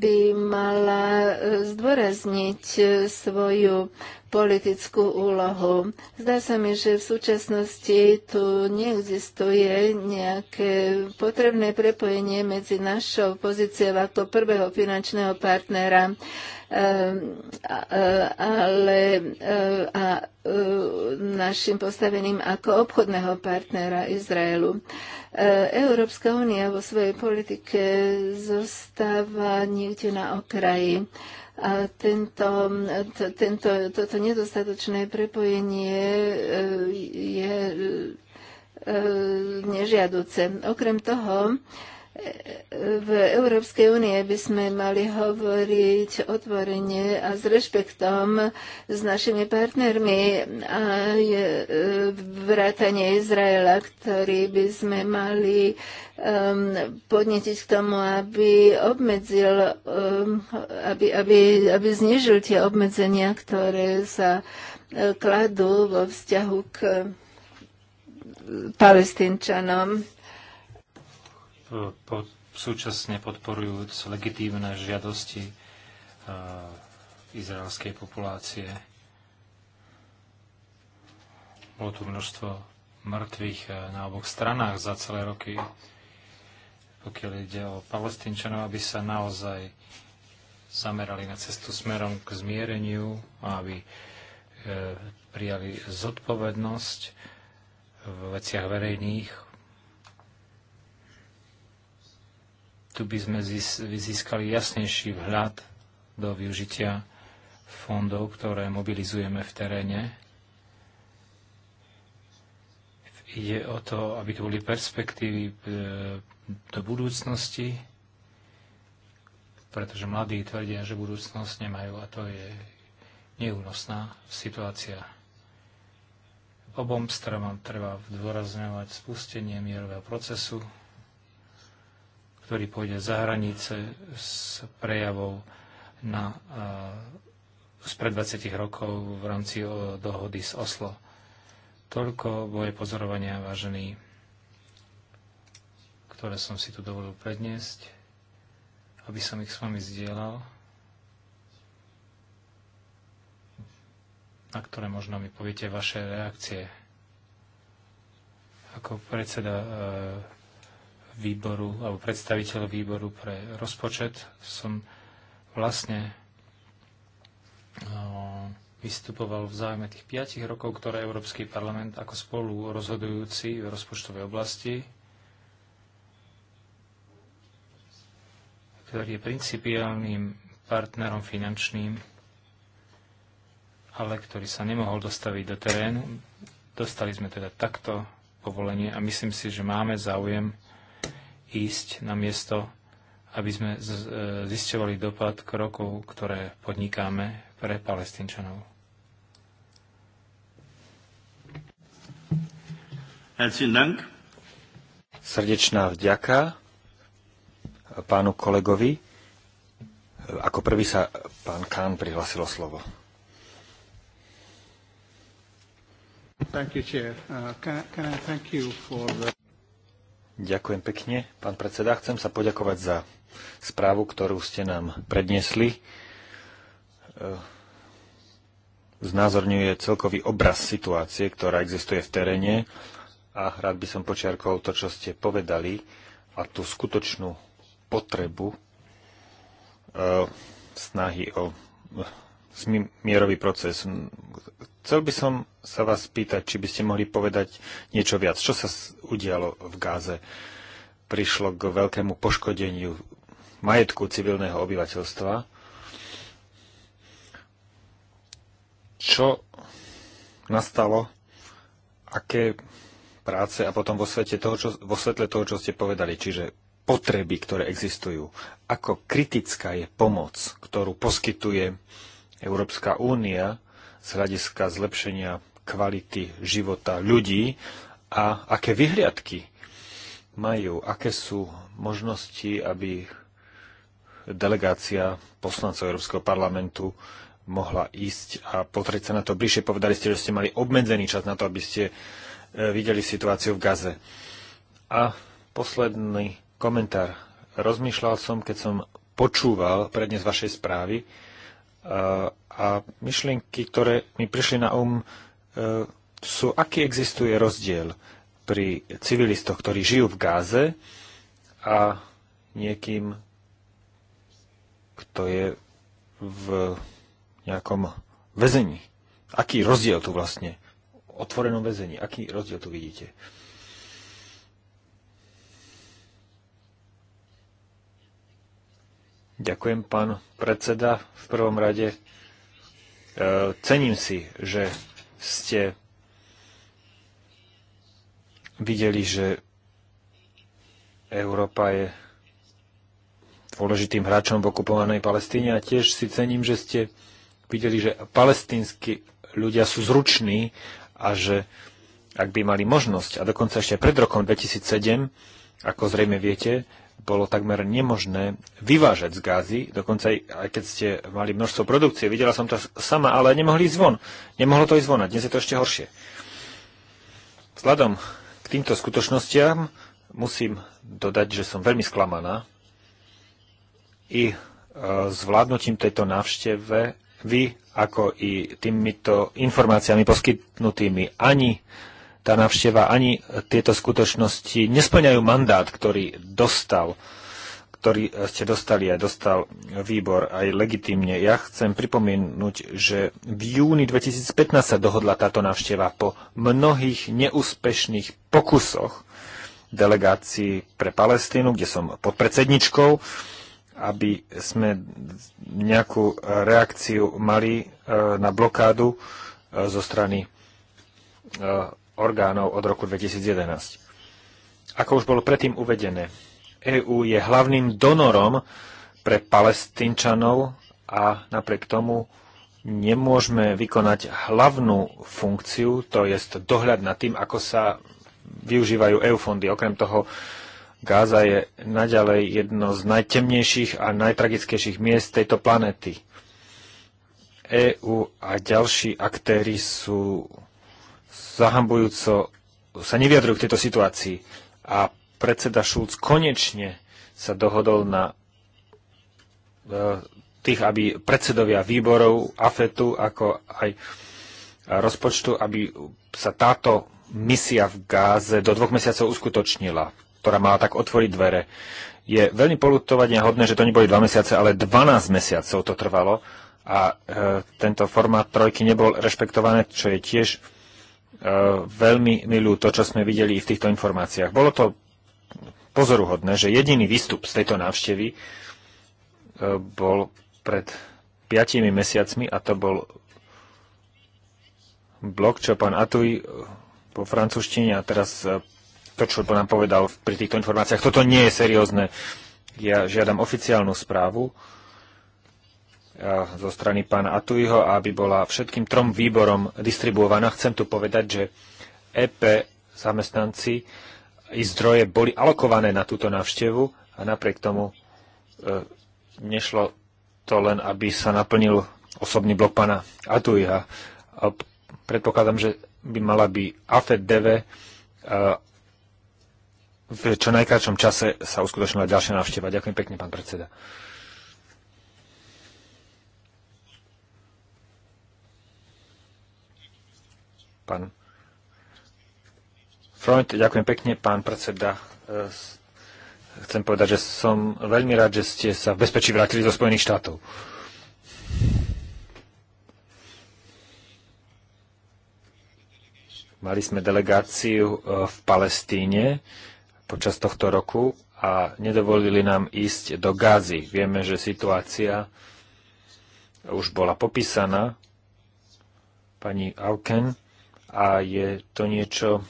by mala e, zdôrazniť e, svoju politickú úlohu. Zdá sa mi, že v súčasnosti tu neexistuje nejaké potrebné prepojenie medzi našou pozíciou ako prvého finančného partnera Ehm, e, ale e, a e, našim postavením ako obchodného partnera Izraelu. Európska únia vo svojej politike zostáva niekde na okraji. A tento, to, tento, toto nedostatočné prepojenie je nežiaduce. Okrem toho, v Európskej únie by sme mali hovoriť otvorene a s rešpektom s našimi partnermi a e, vrátanie Izraela, ktorý by sme mali podnetiť k tomu, aby obmedzil, aby, aby, aby znižil tie obmedzenia, ktoré sa e, kladú vo vzťahu k e, palestínčanom pod, súčasne podporujúc legitímne žiadosti uh, izraelskej populácie. Bolo tu množstvo mŕtvych e, na oboch stranách za celé roky, pokiaľ ide o palestínčanov, aby sa naozaj zamerali na cestu smerom k zmiereniu a aby e, prijali zodpovednosť v veciach verejných, Tu by sme získali jasnejší vhľad do využitia fondov, ktoré mobilizujeme v teréne. Ide o to, aby to boli perspektívy e, do budúcnosti, pretože mladí tvrdia, že budúcnosť nemajú a to je neúnosná situácia. Obom stranám treba zdôrazňovať spustenie mierového procesu, ktorý pôjde za hranice s prejavou na, e, spred 20 rokov v rámci e, dohody z Oslo. Toľko moje pozorovania, vážení, ktoré som si tu dovolil predniesť, aby som ich s vami zdieľal, na ktoré možno mi poviete vaše reakcie. Ako predseda e, výboru alebo predstaviteľ výboru pre rozpočet som vlastne vystupoval v záujme tých 5 rokov, ktoré Európsky parlament ako spolu rozhodujúci v rozpočtovej oblasti, ktorý je principiálnym partnerom finančným, ale ktorý sa nemohol dostaviť do terénu. Dostali sme teda takto povolenie a myslím si, že máme záujem ísť na miesto, aby sme e, zisťovali dopad krokov, ktoré podnikáme pre palestínčanov. Srdečná vďaka pánu kolegovi. Ako prvý sa pán Kán prihlasilo slovo. You, uh, can, can the... Ďakujem pekne, pán predseda. Chcem sa poďakovať za správu, ktorú ste nám predniesli. E, znázorňuje celkový obraz situácie, ktorá existuje v teréne a rád by som počiarkol to, čo ste povedali a tú skutočnú potrebu e, snahy o mierový proces. Chcel by som sa vás spýtať, či by ste mohli povedať niečo viac. Čo sa udialo v Gáze? Prišlo k veľkému poškodeniu majetku civilného obyvateľstva. Čo nastalo? Aké práce a potom vo, svete toho, čo, vo svetle toho, čo ste povedali, čiže potreby, ktoré existujú. Ako kritická je pomoc, ktorú poskytuje Európska únia z hľadiska zlepšenia kvality života ľudí a aké vyhliadky majú, aké sú možnosti, aby delegácia poslancov Európskeho parlamentu mohla ísť a potrieť sa na to bližšie. Povedali ste, že ste mali obmedzený čas na to, aby ste e, videli situáciu v Gaze. A posledný komentár. Rozmýšľal som, keď som počúval prednes vašej správy, a myšlienky, ktoré mi prišli na um, e, sú, aký existuje rozdiel pri civilistoch, ktorí žijú v Gáze a niekým, kto je v nejakom väzení. Aký rozdiel tu vlastne? otvorenom väzení. Aký rozdiel tu vidíte? Ďakujem, pán predseda. V prvom rade e, cením si, že ste videli, že Európa je dôležitým hráčom v okupovanej Palestíne a tiež si cením, že ste videli, že palestínsky ľudia sú zruční a že ak by mali možnosť, a dokonca ešte pred rokom 2007, ako zrejme viete, bolo takmer nemožné vyvážať z Gázy, dokonca aj, keď ste mali množstvo produkcie, videla som to sama, ale nemohli ísť von. Nemohlo to ísť von a dnes je to ešte horšie. Vzhľadom k týmto skutočnostiam musím dodať, že som veľmi sklamaná i zvládnutím e, tejto návšteve vy, ako i týmito informáciami poskytnutými ani tá navšteva, ani tieto skutočnosti nesplňajú mandát, ktorý dostal ktorý ste dostali a dostal výbor aj legitimne. Ja chcem pripomenúť, že v júni 2015 sa dohodla táto návšteva po mnohých neúspešných pokusoch delegácií pre Palestínu, kde som podpredsedničkou, aby sme nejakú reakciu mali eh, na blokádu eh, zo strany eh, orgánov od roku 2011. Ako už bolo predtým uvedené, EÚ je hlavným donorom pre palestínčanov a napriek tomu nemôžeme vykonať hlavnú funkciu, to je dohľad nad tým, ako sa využívajú EU fondy. Okrem toho, Gáza je naďalej jedno z najtemnejších a najtragickejších miest tejto planéty. EÚ a ďalší aktéry sú zahambujúco sa neviadrujú k tejto situácii. A predseda Šulc konečne sa dohodol na e, tých, aby predsedovia výborov AFETu, ako aj rozpočtu, aby sa táto misia v Gáze do dvoch mesiacov uskutočnila, ktorá mala tak otvoriť dvere. Je veľmi polutovania hodné, že to neboli dva mesiace, ale 12 mesiacov to trvalo a e, tento formát trojky nebol rešpektované, čo je tiež E, veľmi milú to, čo sme videli v týchto informáciách. Bolo to pozoruhodné, že jediný výstup z tejto návštevy e, bol pred piatimi mesiacmi a to bol blok, čo pán Atuj e, po francúzštine a teraz to, čo nám povedal pri týchto informáciách, toto nie je seriózne. Ja žiadam oficiálnu správu E, zo strany pána Atuiho, aby bola všetkým trom výborom distribuovaná. Chcem tu povedať, že EP zamestnanci i zdroje boli alokované na túto návštevu a napriek tomu e, nešlo to len, aby sa naplnil osobný blok pána Atuiha. A predpokladám, že by mala by AFED DV e, v čo najkračom čase sa uskutočnila ďalšia návšteva. Ďakujem pekne, pán predseda. Pán Freund, ďakujem pekne, pán predseda. E, chcem povedať, že som veľmi rád, že ste sa v bezpečí vrátili do Spojených štátov. Mali sme delegáciu e, v Palestíne počas tohto roku a nedovolili nám ísť do Gázy. Vieme, že situácia už bola popísaná pani Auken a je to niečo,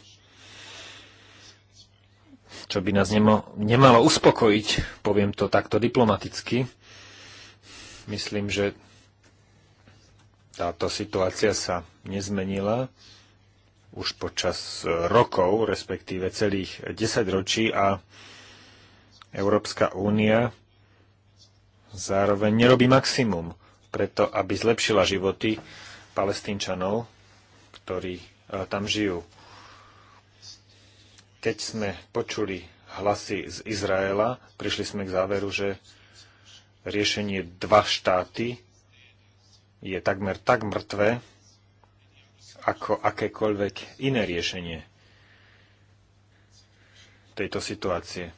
čo by nás nemo, nemalo uspokojiť, poviem to takto diplomaticky. Myslím, že táto situácia sa nezmenila už počas e, rokov, respektíve celých 10 ročí a Európska únia zároveň nerobí maximum preto, aby zlepšila životy palestínčanov, ktorí tam žijú. Keď sme počuli hlasy z Izraela, prišli sme k záveru, že riešenie dva štáty je takmer tak mŕtve, ako akékoľvek iné riešenie tejto situácie.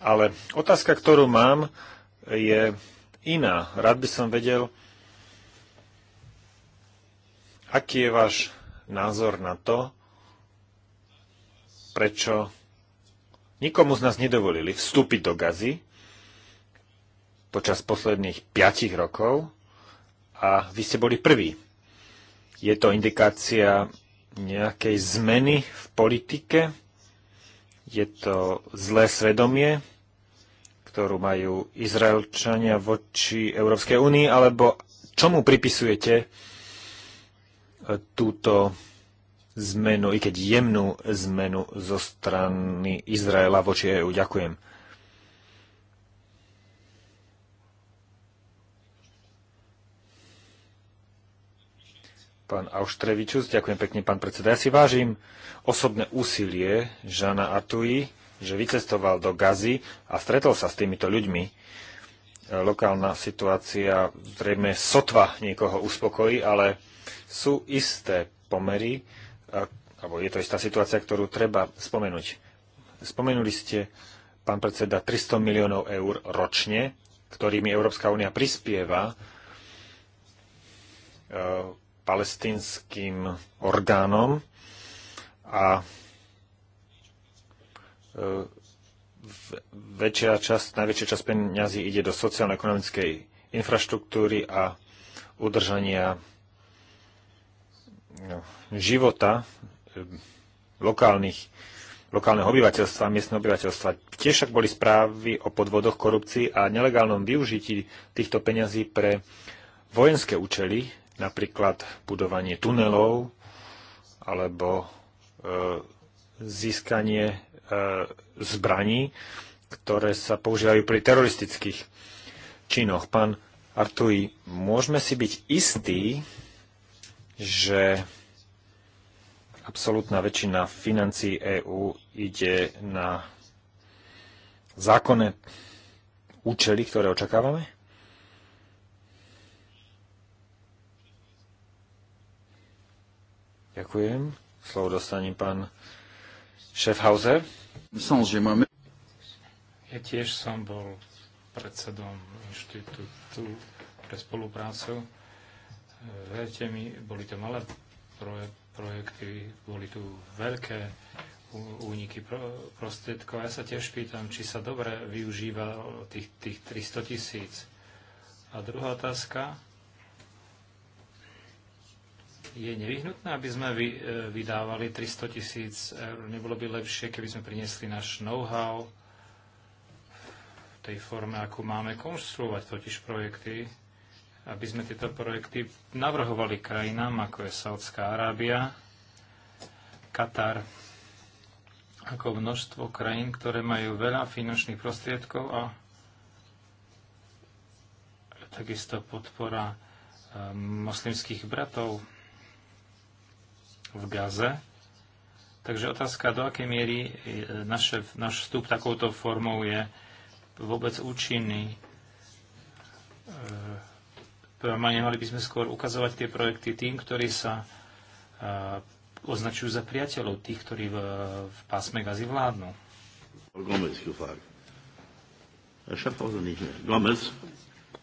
Ale otázka, ktorú mám, je iná. Rád by som vedel, aký je váš názor na to, prečo nikomu z nás nedovolili vstúpiť do gazy počas posledných 5 rokov a vy ste boli prví. Je to indikácia nejakej zmeny v politike? Je to zlé svedomie, ktorú majú Izraelčania voči Európskej únii, alebo čomu pripisujete túto zmenu, i keď jemnú zmenu zo strany Izraela voči EU Ďakujem. Pán Auštrevičus, ďakujem pekne, pán predseda. Ja si vážim osobné úsilie Žana Atui, že vycestoval do Gazy a stretol sa s týmito ľuďmi. Lokálna situácia zrejme sotva niekoho uspokojí, ale sú isté pomery, alebo je to istá situácia, ktorú treba spomenúť. Spomenuli ste, pán predseda, 300 miliónov eur ročne, ktorými Európska únia prispieva e, palestinským orgánom a e, väčšia časť, najväčšia časť peniazy ide do sociálno-ekonomickej infraštruktúry a udržania života eh, lokálnych, lokálneho obyvateľstva, miestneho obyvateľstva. Tiež však boli správy o podvodoch, korupcii a nelegálnom využití týchto peňazí pre vojenské účely, napríklad budovanie tunelov alebo e, získanie e, zbraní, ktoré sa používajú pri teroristických činoch. Pán Artuji, môžeme si byť istí, že absolútna väčšina financií EÚ ide na zákonné účely, ktoré očakávame? Ďakujem. Slovo dostane pán Schaffhauser. Ja tiež som bol predsedom Inštitútu pre spoluprácu verte mi, boli to malé proje- projekty, boli tu veľké úniky prostriedkov. Ja sa tiež pýtam, či sa dobre využíva tých, tých 300 tisíc. A druhá otázka. Je nevyhnutné, aby sme vy, e, vydávali 300 tisíc eur? Nebolo by lepšie, keby sme priniesli náš know-how v tej forme, ako máme konštruovať totiž projekty? aby sme tieto projekty navrhovali krajinám, ako je Saudská Arábia, Katar, ako množstvo krajín, ktoré majú veľa finančných prostriedkov a takisto podpora e, moslimských bratov v Gaze. Takže otázka, do akej miery e, naše, náš vstup takouto formou je vôbec účinný e, Nemali by sme skôr ukazovať tie projekty tým, ktorí sa e, označujú za priateľov, tých, ktorí v, v pásme gazy vládnu. Gomez, Gomez.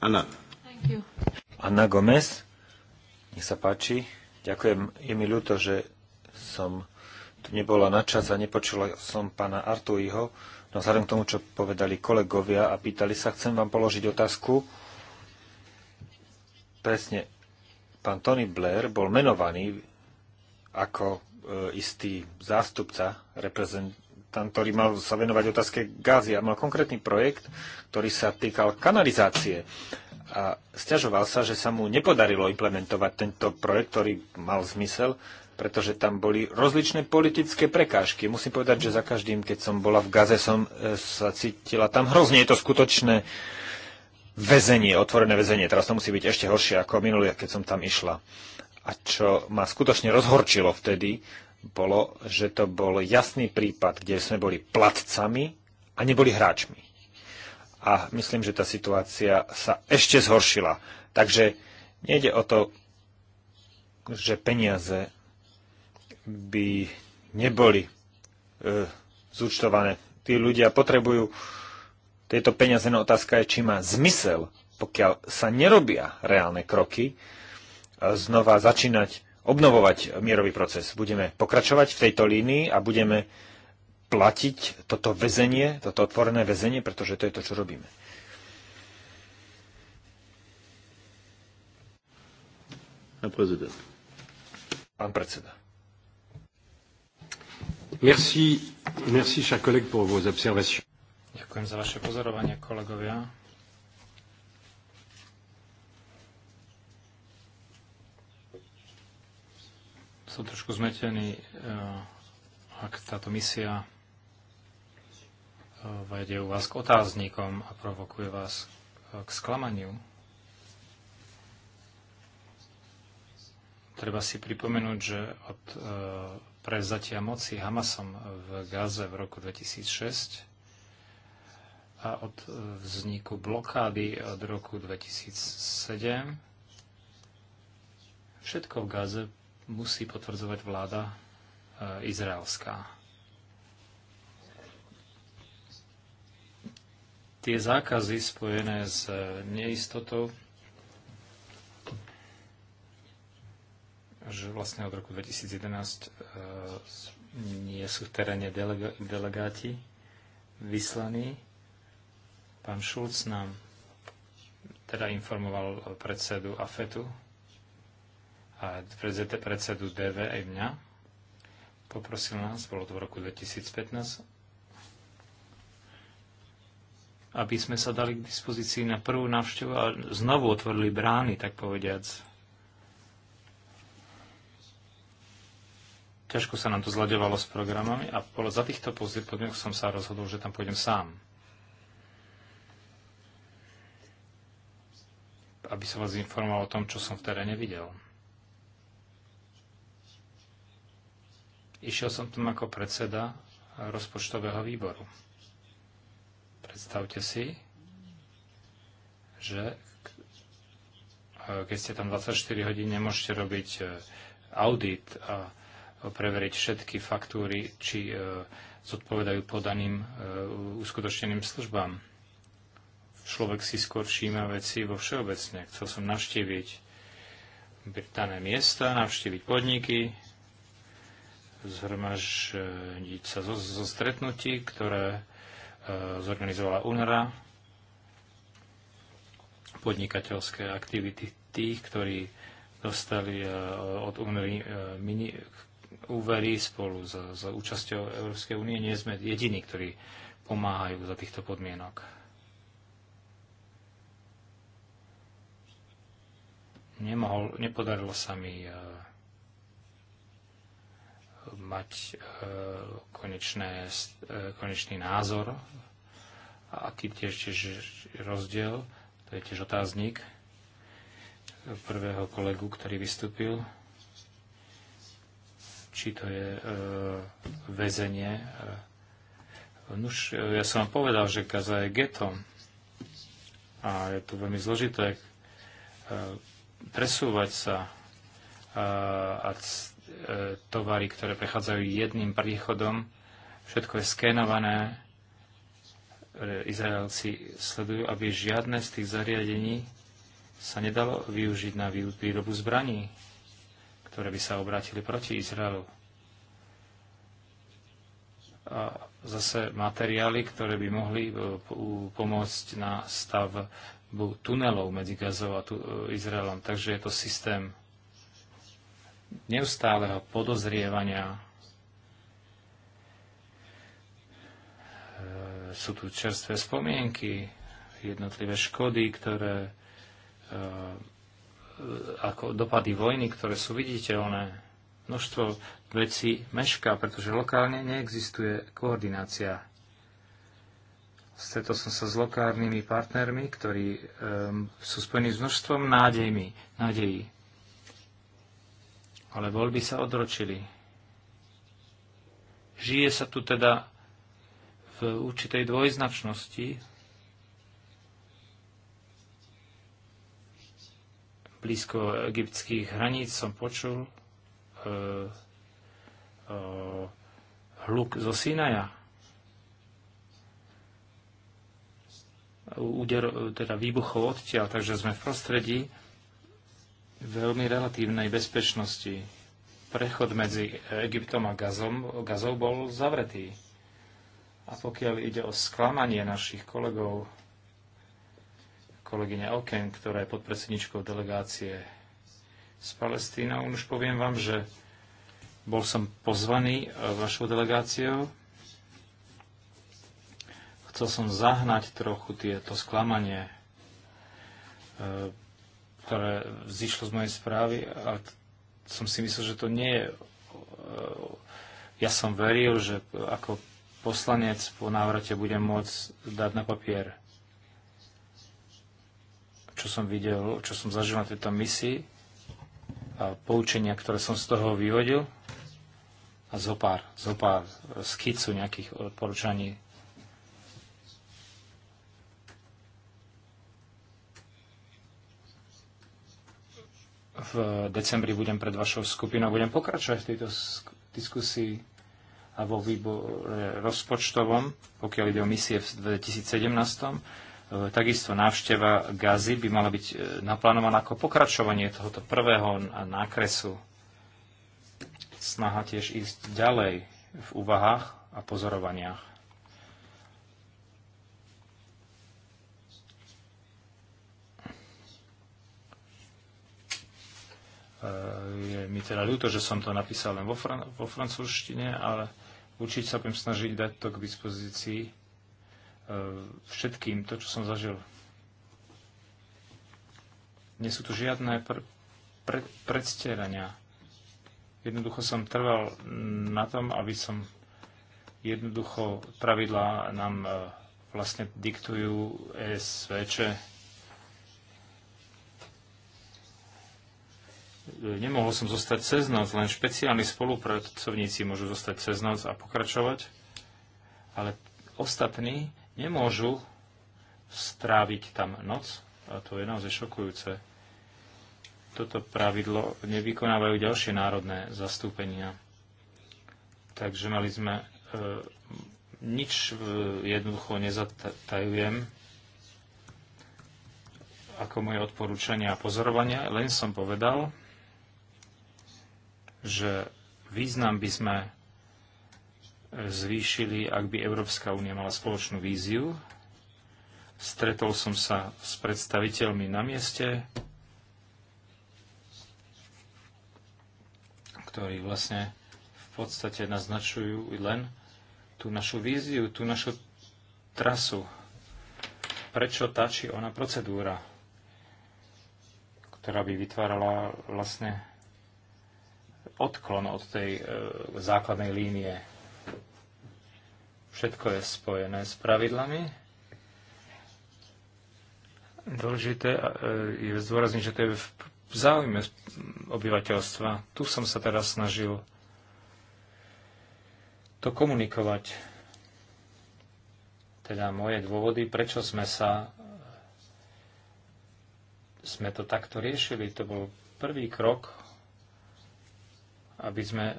Anna. Anna Gomez, nech sa páči. Ďakujem. Je mi ľúto, že som tu nebola na čas a nepočula som pána Artuiho. No vzhľadom k tomu, čo povedali kolegovia a pýtali sa, chcem vám položiť otázku presne pán Tony Blair bol menovaný ako e, istý zástupca, reprezentant, ktorý mal sa venovať otázke gázy a mal konkrétny projekt, ktorý sa týkal kanalizácie. A stiažoval sa, že sa mu nepodarilo implementovať tento projekt, ktorý mal zmysel, pretože tam boli rozličné politické prekážky. Musím povedať, že za každým, keď som bola v Gaze, som e, sa cítila tam hrozne. Je to skutočné väzenie, otvorené väzenie. Teraz to musí byť ešte horšie ako minulé, keď som tam išla. A čo ma skutočne rozhorčilo vtedy, bolo, že to bol jasný prípad, kde sme boli platcami a neboli hráčmi. A myslím, že tá situácia sa ešte zhoršila. Takže nejde o to, že peniaze by neboli e, zúčtované. Tí ľudia potrebujú tieto peniaze, no otázka je, či má zmysel, pokiaľ sa nerobia reálne kroky, e, znova začínať obnovovať mierový proces. Budeme pokračovať v tejto línii a budeme platiť toto väzenie, toto otvorené väzenie, pretože to je to, čo robíme. Pán prezident. Pán predseda. Merci, merci, chers collègues, pour vos observations. Ďakujem za vaše pozorovanie, kolegovia. Som trošku zmetený, eh, ak táto misia eh, vedie u vás k otáznikom a provokuje vás eh, k sklamaniu. Treba si pripomenúť, že od prevzatia moci Hamasom v Gaze v roku 2006 a od vzniku blokády od roku 2007 všetko v Gaze musí potvrdzovať vláda eh, izraelská. Tie zákazy spojené s eh, neistotou, že vlastne od roku 2011 eh, nie sú v teréne delegáti vyslaní, Pán Šulc nám teda informoval predsedu AFETu a predsedu DV aj mňa. Poprosil nás, bolo to v roku 2015, aby sme sa dali k dispozícii na prvú návštevu a znovu otvorili brány, tak povediac. Ťažko sa nám to zľadovalo s programami a za týchto podmienok som sa rozhodol, že tam pôjdem sám. aby som vás informoval o tom, čo som v teréne videl. Išiel som tam ako predseda rozpočtového výboru. Predstavte si, že keď ste tam 24 hodín, nemôžete robiť e, audit a preveriť všetky faktúry, či e, zodpovedajú podaným e, uskutočneným službám človek si skôr všíma veci vo všeobecne. Chcel som navštíviť dané miesta, navštíviť podniky, zhromaždiť sa zo, zo stretnutí, ktoré e, zorganizovala UNRA, podnikateľské aktivity tých, ktorí dostali e, od UNRA e, mini, úvery spolu s, s účasťou Európskej únie. Nie sme jediní, ktorí pomáhajú za týchto podmienok. nemohol, nepodarilo sa mi e, mať e, konečné, e, konečný názor, aký tiež, tiež rozdiel, to je tiež otáznik prvého kolegu, ktorý vystúpil, či to je e, väzenie. Nuž, no ja som vám povedal, že Gaza je getom a je to veľmi zložité e, presúvať sa a e, tovary, ktoré prechádzajú jedným príchodom, všetko je skénované. E, Izraelci sledujú, aby žiadne z tých zariadení sa nedalo využiť na výrobu zbraní, ktoré by sa obrátili proti Izraelu. A zase materiály, ktoré by mohli e, pomôcť na stav tunelov medzi Gazou a tu, e, Izraelom. Takže je to systém neustáleho podozrievania. E, sú tu čerstvé spomienky, jednotlivé škody, ktoré e, ako dopady vojny, ktoré sú viditeľné. Množstvo vecí mešká, pretože lokálne neexistuje koordinácia Stretol som sa s lokárnymi partnermi, ktorí um, sú spojení s množstvom nádejmi, nádejí. Ale voľby sa odročili. Žije sa tu teda v určitej dvojznačnosti. Blízko egyptských hraníc som počul uh, uh, hluk zo Sinaja úder, e, teda výbuchov odtiaľ, takže sme v prostredí veľmi relatívnej bezpečnosti. Prechod medzi Egyptom a Gazom, Gazou bol zavretý. A pokiaľ ide o sklamanie našich kolegov, kolegyňa Oken, ktorá je podpredsedničkou delegácie s Palestína, už poviem vám, že bol som pozvaný e, vašou delegáciou Chcel som zahnať trochu tieto sklamanie, e, ktoré zišlo z mojej správy, a som si myslel, že to nie je... E, ja som veril, že ako poslanec po návrate budem môcť dať na papier, čo som videl, čo som zažil na tejto misii a poučenia, ktoré som z toho vyvodil a zopár, zopár e, skicu nejakých odporúčaní v decembri budem pred vašou skupinou, budem pokračovať v tejto diskusii a vo výbore rozpočtovom, pokiaľ ide o misie v 2017. E, takisto návšteva Gazy by mala byť e, naplánovaná ako pokračovanie tohoto prvého nákresu. Snaha tiež ísť ďalej v úvahách a pozorovaniach. E, je mi teda ľúto, že som to napísal len vo, fran- vo francúzštine, ale určite sa budem snažiť dať to k dispozícii e, všetkým, to, čo som zažil. Nie sú tu žiadne pr- pre- predstierania. Jednoducho som trval na tom, aby som jednoducho pravidlá nám e, vlastne diktujú ESVČ, nemohol som zostať cez noc, len špeciálni spolupracovníci môžu zostať cez noc a pokračovať, ale ostatní nemôžu stráviť tam noc a to je naozaj šokujúce. Toto pravidlo nevykonávajú ďalšie národné zastúpenia. Takže mali sme, e, nič jednoducho nezatajujem, ako moje odporúčania a pozorovania, len som povedal, že význam by sme zvýšili, ak by Európska únia mala spoločnú víziu. Stretol som sa s predstaviteľmi na mieste, ktorí vlastne v podstate naznačujú len tú našu víziu, tú našu trasu. Prečo tá či ona procedúra, ktorá by vytvárala vlastne odklon od tej e, základnej línie. Všetko je spojené s pravidlami. Dôležité e, je zdôrazniť, že to je v záujme obyvateľstva. Tu som sa teraz snažil to komunikovať. Teda moje dôvody, prečo sme sa sme to takto riešili. To bol prvý krok aby sme e,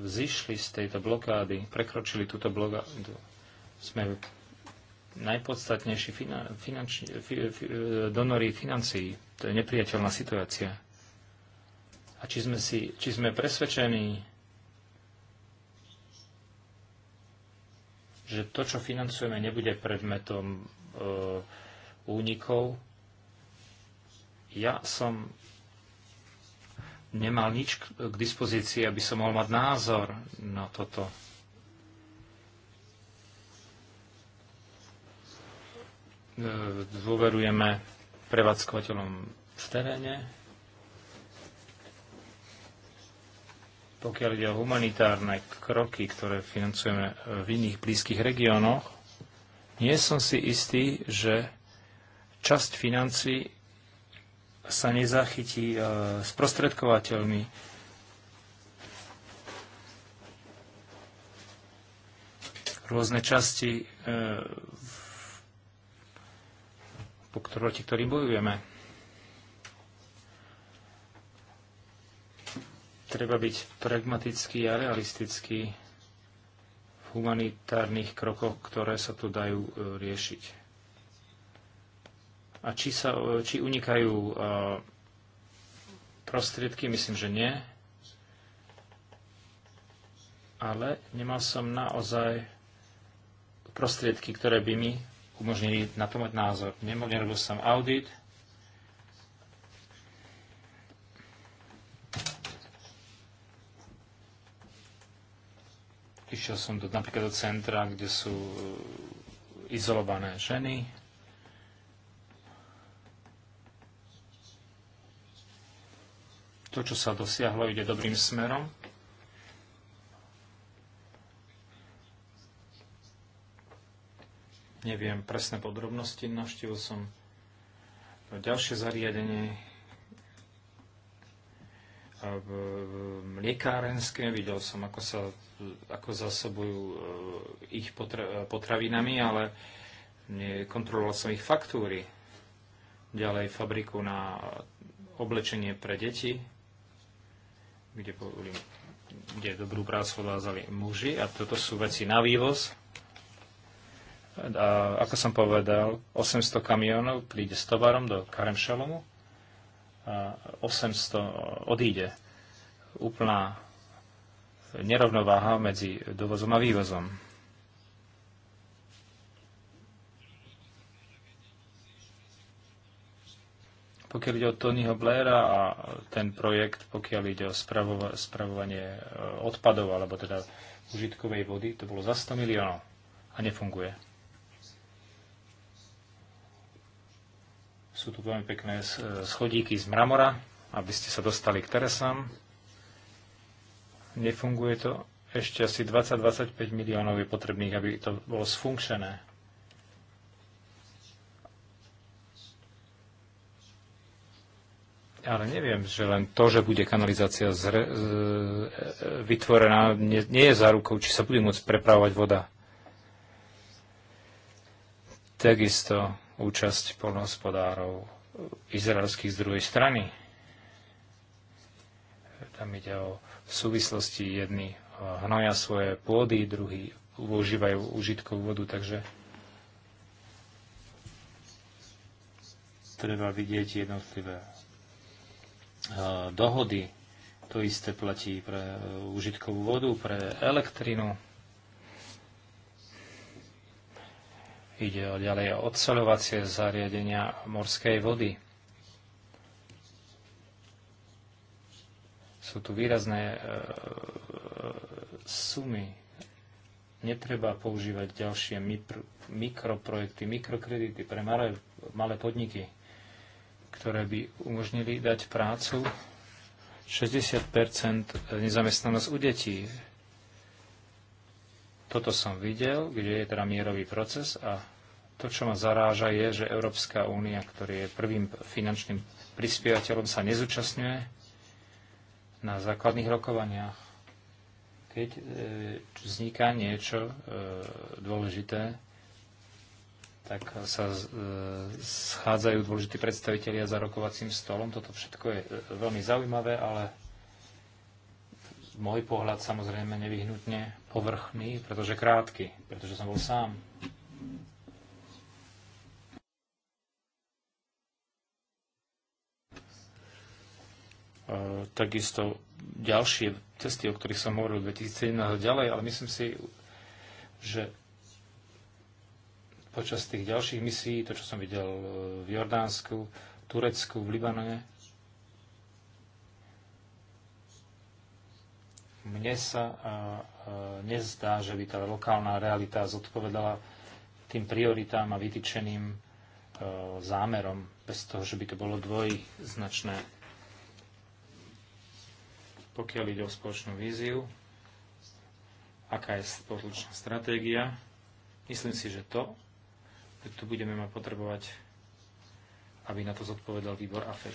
vzýšli z tejto blokády, prekročili túto blokádu. Sme najpodstatnejší finan, finanč, fi, fi, e, financií. To je nepriateľná situácia. A či sme, si, či sme presvedčení, že to, čo financujeme, nebude predmetom e, únikov. Ja som nemal nič k dispozícii, aby som mohol mať názor na toto. E, dôverujeme prevádzkovateľom v teréne. Pokiaľ ide o humanitárne kroky, ktoré financujeme v iných blízkych regiónoch, nie som si istý, že časť financí sa nezachytí e, sprostredkovateľmi. Rôzne časti, e, proti ktorým bojujeme. Treba byť pragmatický a realistický v humanitárnych krokoch, ktoré sa tu dajú e, riešiť a či, sa, či unikajú e, prostriedky, myslím, že nie. Ale nemal som naozaj prostriedky, ktoré by mi umožnili na to mať názor. Nerobil som audit. Išiel som do, napríklad do centra, kde sú e, izolované ženy, to, čo sa dosiahlo, ide dobrým smerom. Neviem presné podrobnosti, navštívil som ďalšie zariadenie mliekárenské, videl som, ako, sa, ako zásobujú e, ich potra, potravinami, ale kontroloval som ich faktúry. Ďalej fabriku na oblečenie pre deti, kde, boli, kde dobrú prácu odvázali muži a toto sú veci na vývoz. A, ako som povedal, 800 kamionov príde s tovarom do Karemšalomu a 800 odíde. Úplná nerovnováha medzi dovozom a vývozom. Pokiaľ ide o Tonyho Blaira a ten projekt, pokiaľ ide o spravova- spravovanie e, odpadov, alebo teda užitkovej vody, to bolo za 100 miliónov a nefunguje. Sú tu veľmi pekné e, schodíky z mramora, aby ste sa dostali k teresám. Nefunguje to. Ešte asi 20-25 miliónov je potrebných, aby to bolo sfunkčené. ale neviem, že len to, že bude kanalizácia zre, z, e, e, vytvorená, nie, nie je zárukou, či sa bude môcť prepravovať voda. Takisto účasť polnohospodárov izraelských z druhej strany. Tam ide o súvislosti jedni hnoja svoje pôdy, druhí užívajú užitkovú vodu, takže treba vidieť jednotlivé E, dohody. To isté platí pre e, užitkovú vodu, pre elektrinu. Ide o ďalej odsaľovacie zariadenia morskej vody. Sú tu výrazné e, sumy. Netreba používať ďalšie mikroprojekty, mikrokredity pre malé podniky ktoré by umožnili dať prácu. 60 nezamestnanosť u detí. Toto som videl, kde je teda mierový proces a to, čo ma zaráža, je, že Európska únia, ktorý je prvým finančným prispievateľom, sa nezúčastňuje na základných rokovaniach. Keď e, vzniká niečo e, dôležité, tak sa e, schádzajú dôležití predstavitelia za rokovacím stolom. Toto všetko je e, veľmi zaujímavé, ale môj pohľad samozrejme nevyhnutne povrchný, pretože krátky, pretože som bol sám. E, takisto ďalšie cesty, o ktorých som hovoril 2017 a ďalej, ale myslím si, že počas tých ďalších misií, to, čo som videl e, v Jordánsku, Turecku, v Libanone, mne sa a, e, a, e, nezdá, že by tá lokálna realita zodpovedala tým prioritám a vytýčeným e, zámerom, bez toho, že by to bolo dvojznačné. Pokiaľ ide o spoločnú víziu, aká je spoločná stratégia, myslím si, že to tu budeme ma potrebovať, aby na to zodpovedal výbor AFED.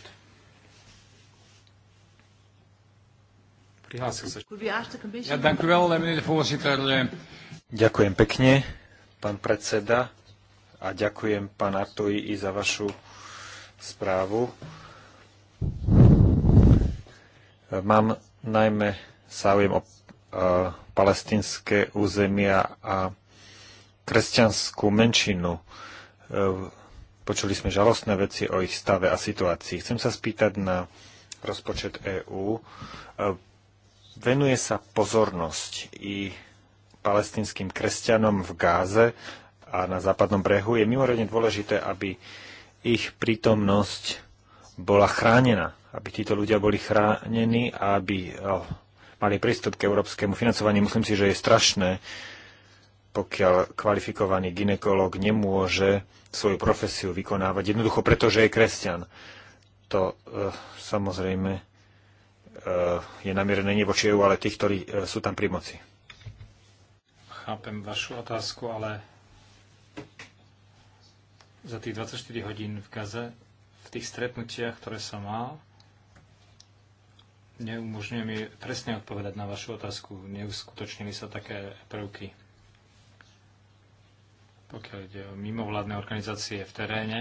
Prihlásil sa. Ja, eh, eh, ďakujem pekne, pán predseda, a ďakujem pán Artoji i za vašu správu. Mám najmä záujem o eh, palestinské územia a kresťanskú menšinu. E, počuli sme žalostné veci o ich stave a situácii. Chcem sa spýtať na rozpočet EÚ. E, venuje sa pozornosť i palestinským kresťanom v Gáze a na západnom brehu. Je mimoriadne dôležité, aby ich prítomnosť bola chránená, aby títo ľudia boli chránení a aby e, mali prístup k európskemu financovaniu. Myslím si, že je strašné, pokiaľ kvalifikovaný ginekolog nemôže svoju profesiu vykonávať, jednoducho preto, že je kresťan. To uh, samozrejme uh, je namierené nie voči EU, ale tých, ktorí uh, sú tam pri moci. Chápem vašu otázku, ale za tých 24 hodín v Gaze, v tých stretnutiach, ktoré som mal, neumožňuje mi presne odpovedať na vašu otázku. Neuskutočnili sa také prvky pokiaľ ide o mimovládne organizácie v teréne.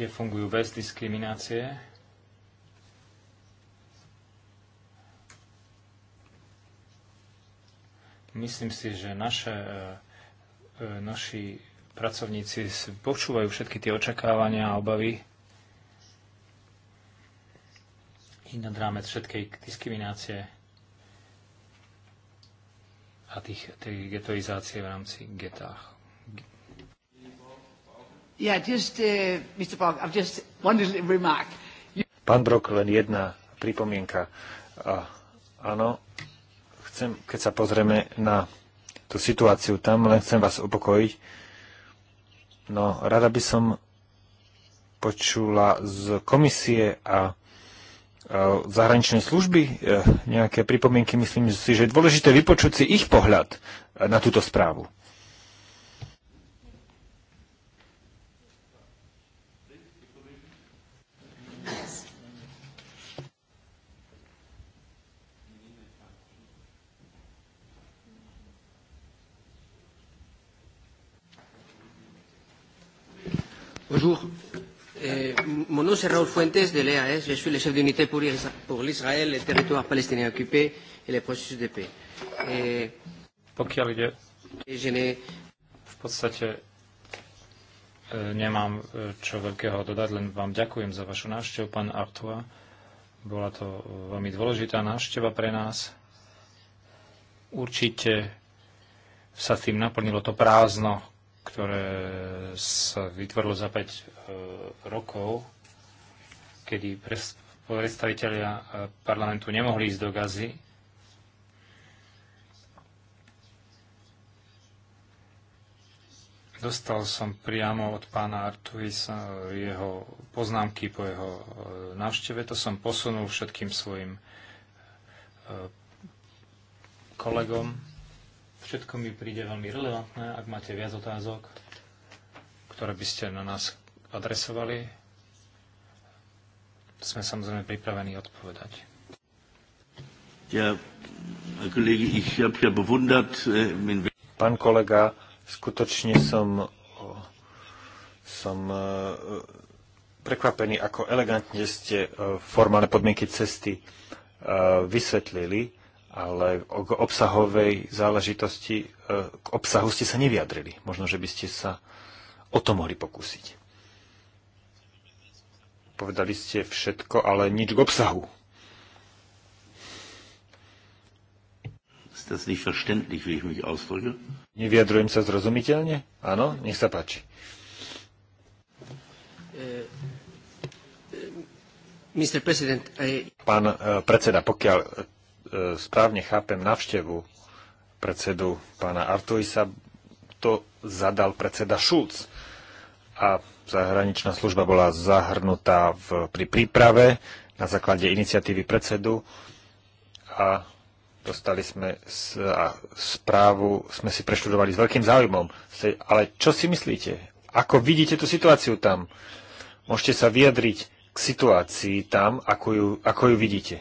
Tie fungujú bez diskriminácie. Myslím si, že naše, e, e, naši pracovníci počúvajú všetky tie očakávania a obavy i nad rámec všetkej diskriminácie a tých, tej getoizácie v rámci getách. Yeah, just, uh, Mr. Brock, I've just one little remark. You... Pán Brok, len jedna pripomienka. A, áno, chcem, keď sa pozrieme na tú situáciu tam, len chcem vás upokojiť. No, rada by som počula z komisie a zahraničnej služby e, nejaké pripomienky, myslím si, že je dôležité vypočuť si ich pohľad e, na túto správu. Bonjour. Euh, mon nom c'est Raoul Fuentes de l'EAS. Je suis le chef d'unité pour, l'Israël, les territoires palestiniens occupés et les processus de paix. Et, Pokiaľ ide, je ne... v podstate eh, nemám eh, čo veľkého dodať, len vám ďakujem za vašu návštevu, pán Artois. Bola to eh, veľmi dôležitá návšteva pre nás. Určite sa tým naplnilo to prázdno, ktoré sa vytvorilo za 5 e, rokov, kedy predstaviteľia e, parlamentu nemohli ísť do Gazy. Dostal som priamo od pána Artuisa e, jeho poznámky po jeho návšteve. To som posunul všetkým svojim kolegom Všetko mi príde veľmi relevantné. Ak máte viac otázok, ktoré by ste na nás adresovali, sme samozrejme pripravení odpovedať. Ja, kolegy, ich ja äh, min... Pán kolega, skutočne som, som e, prekvapený, ako elegantne ste e, formálne podmienky cesty e, vysvetlili ale k obsahovej záležitosti, e, k obsahu ste sa nevyjadrili. Možno, že by ste sa o to mohli pokúsiť. Povedali ste všetko, ale nič k obsahu. Nevyjadrujem sa zrozumiteľne? Áno, nech sa páči. Pán e, predseda, pokiaľ E, správne chápem navštevu predsedu pána Artuisa, to zadal predseda Šulc. A zahraničná služba bola zahrnutá v, pri príprave na základe iniciatívy predsedu a dostali sme s, a správu, sme si preštudovali s veľkým záujmom. Ale čo si myslíte? Ako vidíte tú situáciu tam? Môžete sa vyjadriť k situácii tam, ako ju, ako ju vidíte.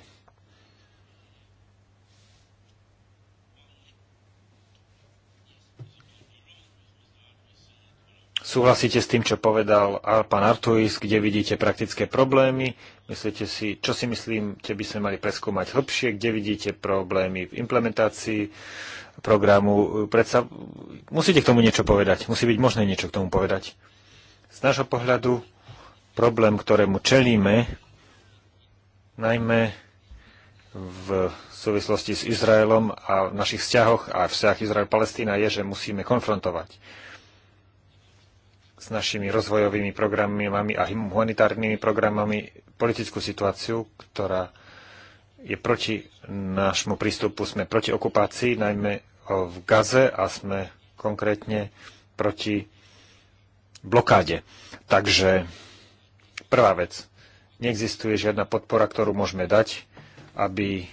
Súhlasíte s tým, čo povedal pán Artuis, kde vidíte praktické problémy? Myslíte si, čo si myslím, že by sme mali preskúmať hĺbšie, kde vidíte problémy v implementácii programu? Predsa, musíte k tomu niečo povedať. Musí byť možné niečo k tomu povedať. Z nášho pohľadu problém, ktorému čelíme, najmä v súvislosti s Izraelom a v našich vzťahoch a vzťah Izrael-Palestína je, že musíme konfrontovať s našimi rozvojovými programami a humanitárnymi programami politickú situáciu, ktorá je proti nášmu prístupu. Sme proti okupácii, najmä v Gaze a sme konkrétne proti blokáde. Takže prvá vec. Neexistuje žiadna podpora, ktorú môžeme dať, aby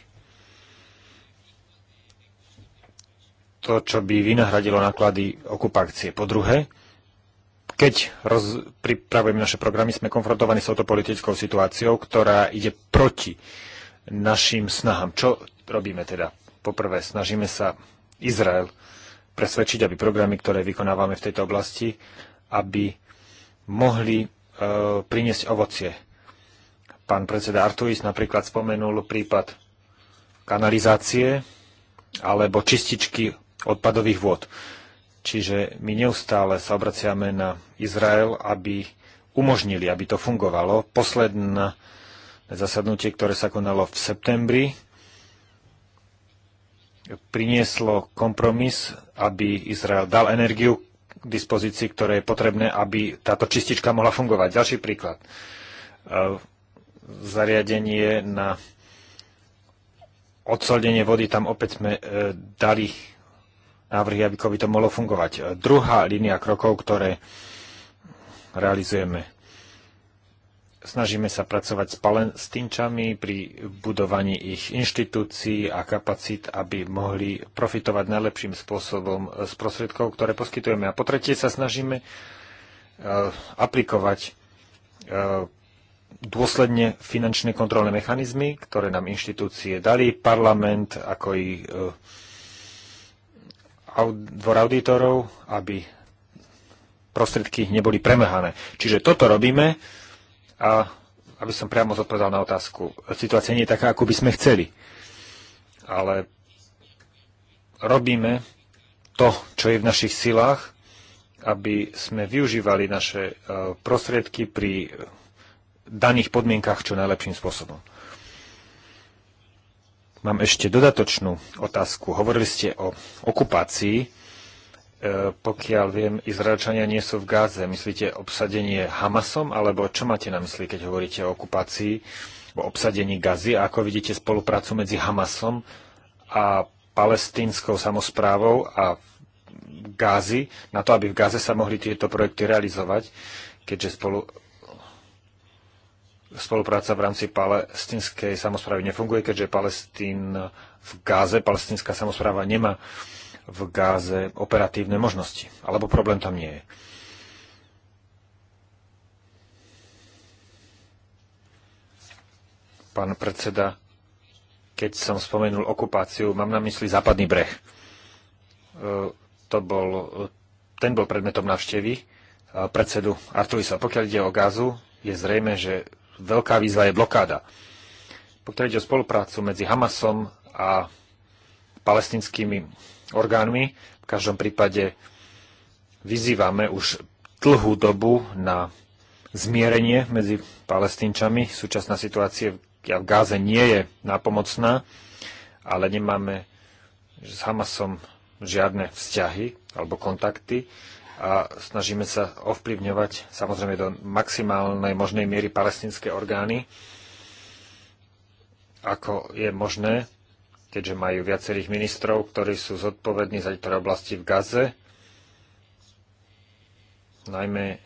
to, čo by vynahradilo náklady okupácie. Po druhé, keď roz, pripravujeme naše programy, sme konfrontovaní s touto politickou situáciou, ktorá ide proti našim snahám. Čo robíme teda? Poprvé, snažíme sa Izrael presvedčiť, aby programy, ktoré vykonávame v tejto oblasti, aby mohli e, priniesť ovocie. Pán predseda Artuis napríklad spomenul prípad kanalizácie alebo čističky odpadových vôd. Čiže my neustále sa obraciame na Izrael, aby umožnili, aby to fungovalo. Posledné zasadnutie, ktoré sa konalo v septembri, prinieslo kompromis, aby Izrael dal energiu k dispozícii, ktoré je potrebné, aby táto čistička mohla fungovať. Ďalší príklad. E, zariadenie na odsoldenie vody, tam opäť sme e, dali návrhy, aby by to mohlo fungovať. Druhá línia krokov, ktoré realizujeme. Snažíme sa pracovať s palestínčami pri budovaní ich inštitúcií a kapacít, aby mohli profitovať najlepším spôsobom z prostriedkov, ktoré poskytujeme. A po tretie sa snažíme e, aplikovať e, dôsledne finančné kontrolné mechanizmy, ktoré nám inštitúcie dali, parlament, ako i e, dvor auditorov, aby prostriedky neboli premrhané. Čiže toto robíme a aby som priamo zodpovedal na otázku. Situácia nie je taká, ako by sme chceli. Ale robíme to, čo je v našich silách, aby sme využívali naše e, prostriedky pri e, daných podmienkach čo najlepším spôsobom. Mám ešte dodatočnú otázku. Hovorili ste o okupácii. E, pokiaľ viem, Izraelčania nie sú v Gáze. Myslíte obsadenie Hamasom, alebo čo máte na mysli, keď hovoríte o okupácii, o obsadení Gazy? A ako vidíte spoluprácu medzi Hamasom a palestínskou samozprávou a Gázy, na to, aby v Gáze sa mohli tieto projekty realizovať, keďže spolu spolupráca v rámci palestinskej samozprávy nefunguje, keďže Palestín v Gáze, palestinská samozpráva nemá v Gáze operatívne možnosti, alebo problém tam nie je. Pán predseda, keď som spomenul okupáciu, mám na mysli západný breh. E, to bol, ten bol predmetom návštevy e, predsedu Artulisa. Pokiaľ ide o Gázu, je zrejme, že veľká výzva je blokáda. Pokiaľ ide o spoluprácu medzi Hamasom a palestinskými orgánmi, v každom prípade vyzývame už dlhú dobu na zmierenie medzi palestínčami. Súčasná situácia v Gáze nie je nápomocná, ale nemáme s Hamasom žiadne vzťahy alebo kontakty a snažíme sa ovplyvňovať samozrejme do maximálnej možnej miery palestinské orgány, ako je možné, keďže majú viacerých ministrov, ktorí sú zodpovední za niektoré oblasti v Gaze, najmä e,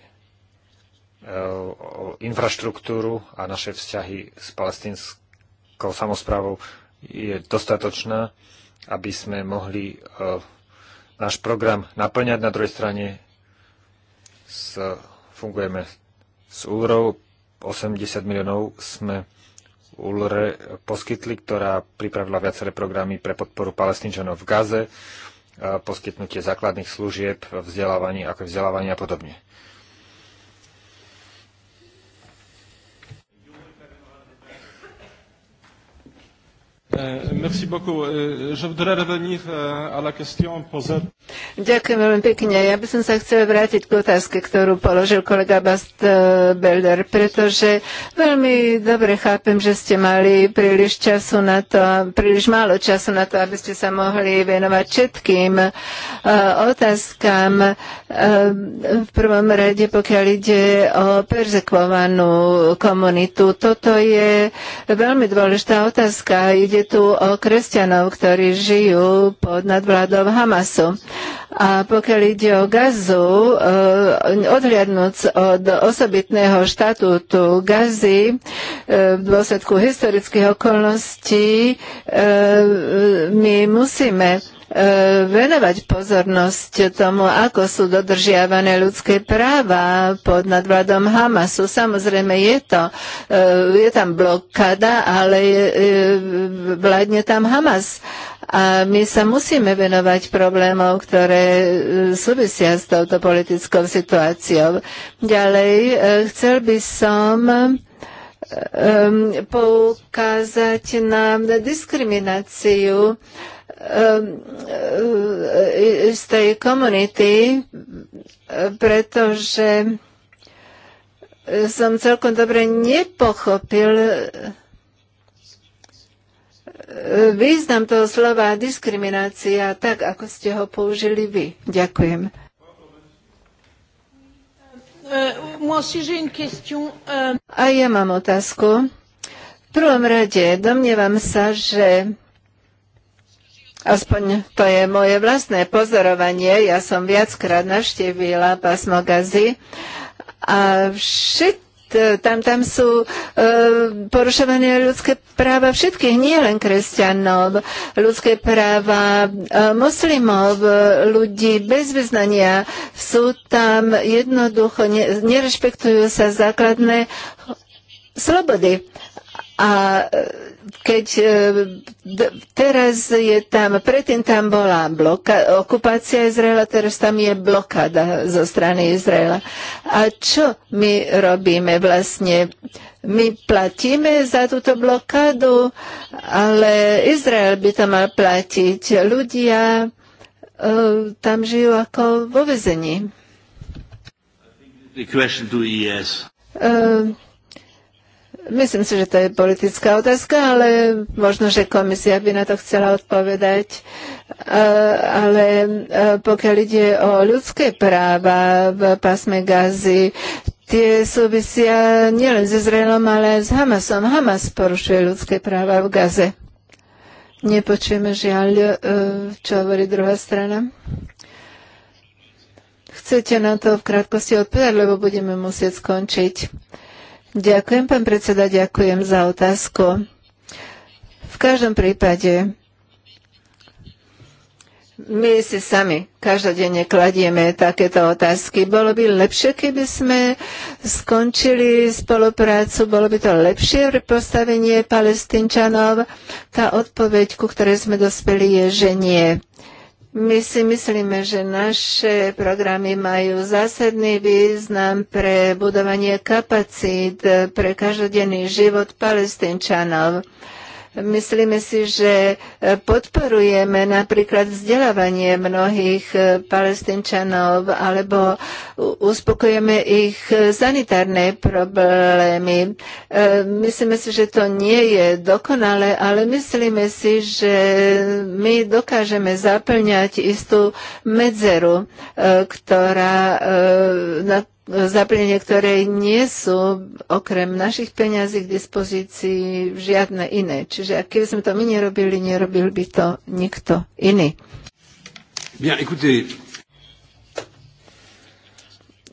o infraštruktúru a naše vzťahy s palestinskou samozprávou je dostatočná, aby sme mohli e, náš program naplňať. Na druhej strane s, fungujeme s úrov. 80 miliónov sme ULRE poskytli, ktorá pripravila viaceré programy pre podporu palestínčanov v Gaze, poskytnutie základných služieb, vzdelávanie, ako vzdelávanie a podobne. Eh, merci beaucoup. Eh, je voudrais revenir eh, à la question posée. Ďakujem veľmi pekne. Ja by som sa chcel vrátiť k otázke, ktorú položil kolega Bast Belder, pretože veľmi dobre chápem, že ste mali príliš času na to, príliš málo času na to, aby ste sa mohli venovať všetkým otázkam. V prvom rade, pokiaľ ide o perzekovanú komunitu, toto je veľmi dôležitá otázka. Ide tu o eh, kresťanov, ktorí žijú pod nadvládou Hamasu. A pokiaľ ide o gazu, eh, odhliadnúc od osobitného štatútu gazy, eh, v dôsledku historických okolností my musíme E, venovať pozornosť tomu, ako sú dodržiavané ľudské práva pod nadvládom Hamasu. Samozrejme je to, e, je tam blokada, ale e, vládne tam Hamas. A my sa musíme venovať problémov, ktoré súvisia s touto politickou situáciou. Ďalej, chcel by som Ehm, poukázať na diskrimináciu ehm, e, e, z tej komunity, pretože som celkom dobre nepochopil e, význam toho slova diskriminácia tak, ako ste ho použili vy. Ďakujem. Euh, euh, a ja mám otázku. V prvom rade domnievam sa, že aspoň to je moje vlastné pozorovanie, ja som viackrát navštívila pásmo Gazy a všetko E, tam, tam sú e, porušované ľudské práva všetkých, nie len kresťanov, ľudské práva e, moslimov, e, ľudí bez vyznania. Sú tam jednoducho, ne, nerešpektujú sa základné slobody. A e, keď e, teraz je tam, predtým tam bola bloka, okupácia Izraela, teraz tam je blokáda zo strany Izraela. A čo my robíme vlastne? My platíme za túto blokádu, ale Izrael by to mal platiť. Ľudia e, tam žijú ako vo vezení. The question to ES. Uh, e, Myslím si, že to je politická otázka, ale možno, že komisia by na to chcela odpovedať. E, ale e, pokiaľ ide o ľudské práva v pásme Gazy, tie súvisia nielen s Izraelom, ale aj s Hamasom. Hamas porušuje ľudské práva v Gaze. Nepočujeme žiaľ, e, čo hovorí druhá strana. Chcete na to v krátkosti odpovedať, lebo budeme musieť skončiť. Ďakujem, pán predseda, ďakujem za otázku. V každom prípade my si sami každodenne kladieme takéto otázky. Bolo by lepšie, keby sme skončili spoluprácu, bolo by to lepšie postavenie palestínčanov. Tá odpoveď, ku ktorej sme dospeli, je, že nie. My si myslíme, že naše programy majú zásadný význam pre budovanie kapacít pre každodenný život palestínčanov. Myslíme si, že e, podporujeme napríklad vzdelávanie mnohých e, palestinčanov alebo uspokojeme ich e, sanitárne problémy. Myslíme si, že to nie je dokonalé, ale myslíme si, že my dokážeme zaplňať istú medzeru, ktorá, na zaplnenie, ktoré nie sú okrem našich peňazí k dispozícii žiadne iné. Čiže keby sme to my nerobili, nerobil by to nikto iný. Bien, écoutez,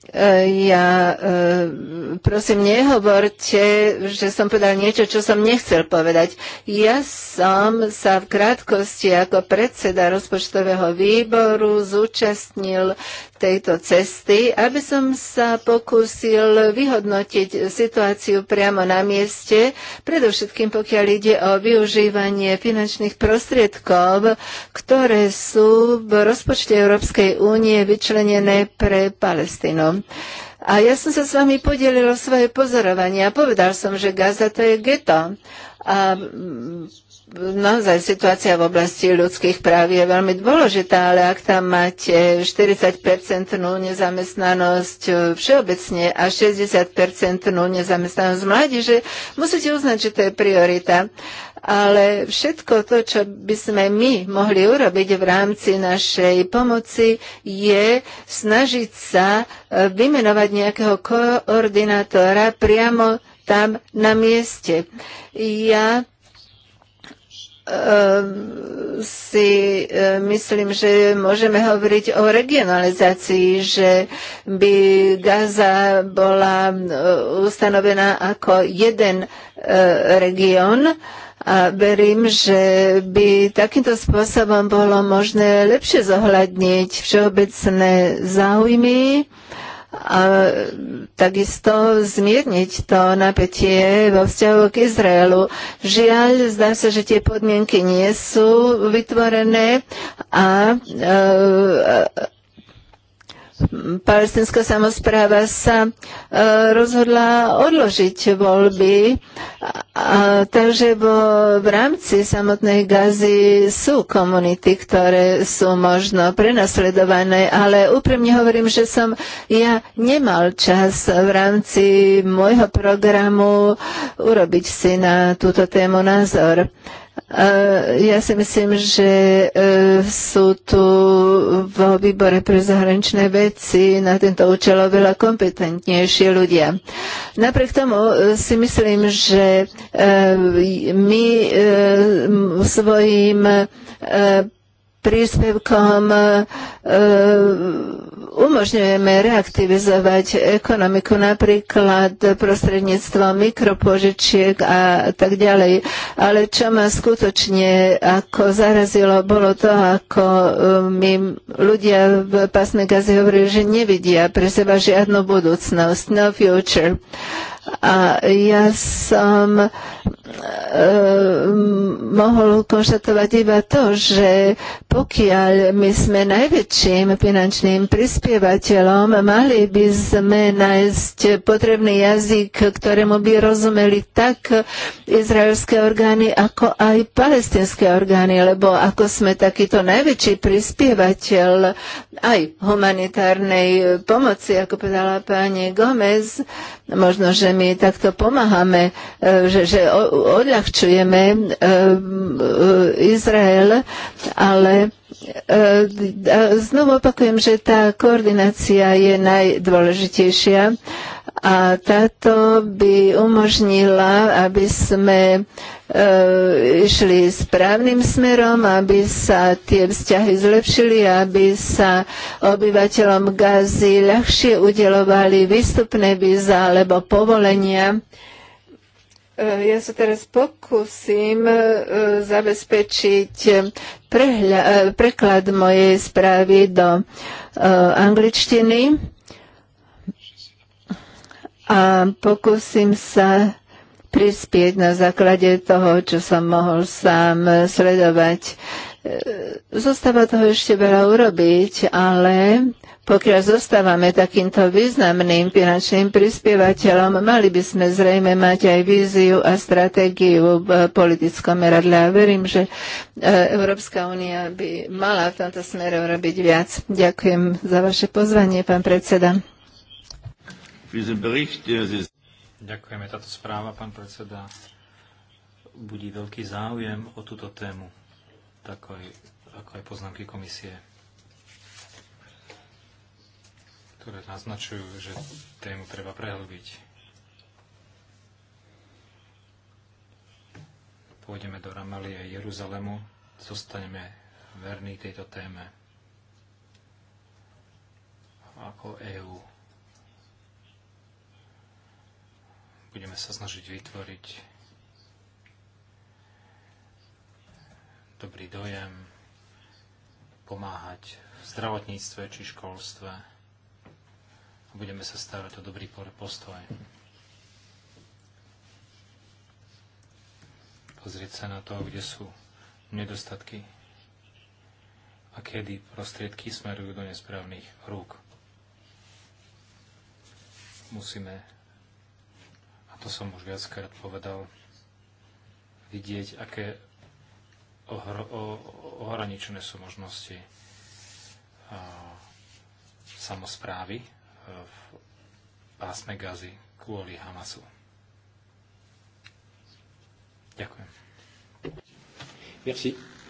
e, ja e, prosím, nehovorte, že som povedal niečo, čo som nechcel povedať. Ja som sa v krátkosti ako predseda rozpočtového výboru zúčastnil tejto cesty, aby som sa pokúsil vyhodnotiť situáciu priamo na mieste, predovšetkým pokiaľ ide o využívanie finančných prostriedkov, ktoré sú v rozpočte Európskej únie vyčlenené pre Palestínu. A ja som sa s vami podelil o svoje pozorovanie a povedal som, že Gaza to je geto. A naozaj situácia v oblasti ľudských práv je veľmi dôležitá, ale ak tam máte 40-percentnú nezamestnanosť e, všeobecne a 60-percentnú nezamestnanosť mládeže, musíte uznať, že to je priorita. Ale všetko to, čo by sme my mohli urobiť v rámci našej pomoci, je snažiť sa e, vymenovať nejakého koordinátora priamo tam na mieste. Ja Ehm, si ehm, myslím, že môžeme hovoriť o regionalizácii, že by Gaza bola e, ustanovená ako jeden e, región a verím, že by takýmto spôsobom bolo možné lepšie zohľadniť všeobecné záujmy a takisto zmierniť to napätie vo vzťahu k Izraelu. Žiaľ, zdá sa, že tie podmienky nie sú vytvorené a, a, e, a palestinská samozpráva sa e, rozhodla odložiť voľby, a, takže vo, v rámci samotnej gazy sú komunity, ktoré sú možno prenasledované, ale úprimne hovorím, že som ja nemal čas v rámci môjho programu urobiť si na túto tému názor. Eh, ja si myslím, že eh, sú tu v výbore pre zahraničné veci na tento účel oveľa kompetentnejšie ľudia. Napriek tomu eh, si myslím, že my svojim príspevkom e, umožňujeme reaktivizovať ekonomiku napríklad prostredníctvom mikropožičiek a tak ďalej. Ale čo ma skutočne ako zarazilo, bolo to, ako e, mi ľudia v pásme gazy hovorili, že nevidia pre seba žiadnu budúcnosť, no future. A ja som e, mohol konštatovať iba to, že pokiaľ my sme najväčším finančným prispievateľom, mali by sme nájsť potrebný jazyk, ktorému by rozumeli tak izraelské orgány, ako aj palestinské orgány, lebo ako sme takýto najväčší prispievateľ aj humanitárnej pomoci, ako povedala pani Gomez, možno, že my my takto pomáhame, e, že, že odľahčujeme e, e, Izrael, ale E, e, znovu opakujem, že tá koordinácia je najdôležitejšia a táto by umožnila, aby sme e, išli správnym smerom, aby sa tie vzťahy zlepšili, aby sa obyvateľom Gazy ľahšie udelovali výstupné víza alebo povolenia. E, ja sa teraz pokúsim e, zabezpečiť prehľa, e, preklad mojej správy do angličtiny a pokúsim sa prispieť na základe toho, čo som mohol sám sledovať. Zostáva toho ešte veľa urobiť, ale pokiaľ zostávame takýmto významným finančným prispievateľom, mali by sme zrejme mať aj víziu a stratégiu v politickom meradle. A verím, že e, Európska únia by mala v tomto smere urobiť viac. Ďakujem za vaše pozvanie, pán predseda. Ďakujeme. Táto správa, pán predseda, budí veľký záujem o túto tému ako aj, ako aj poznámky komisie, ktoré naznačujú, že tému treba prehlbiť. Pôjdeme do Ramalie a Jeruzalemu, zostaneme verní tejto téme ako EÚ. Budeme sa snažiť vytvoriť dobrý dojem pomáhať v zdravotníctve či školstve a budeme sa starať o dobrý postoj. Pozrieť sa na to, kde sú nedostatky a kedy prostriedky smerujú do nesprávnych rúk. Musíme, a to som už viackrát povedal, vidieť, aké ohraničené sú možnosti samozprávy e, v pásme gazy kvôli Hamasu. Ďakujem. Merci.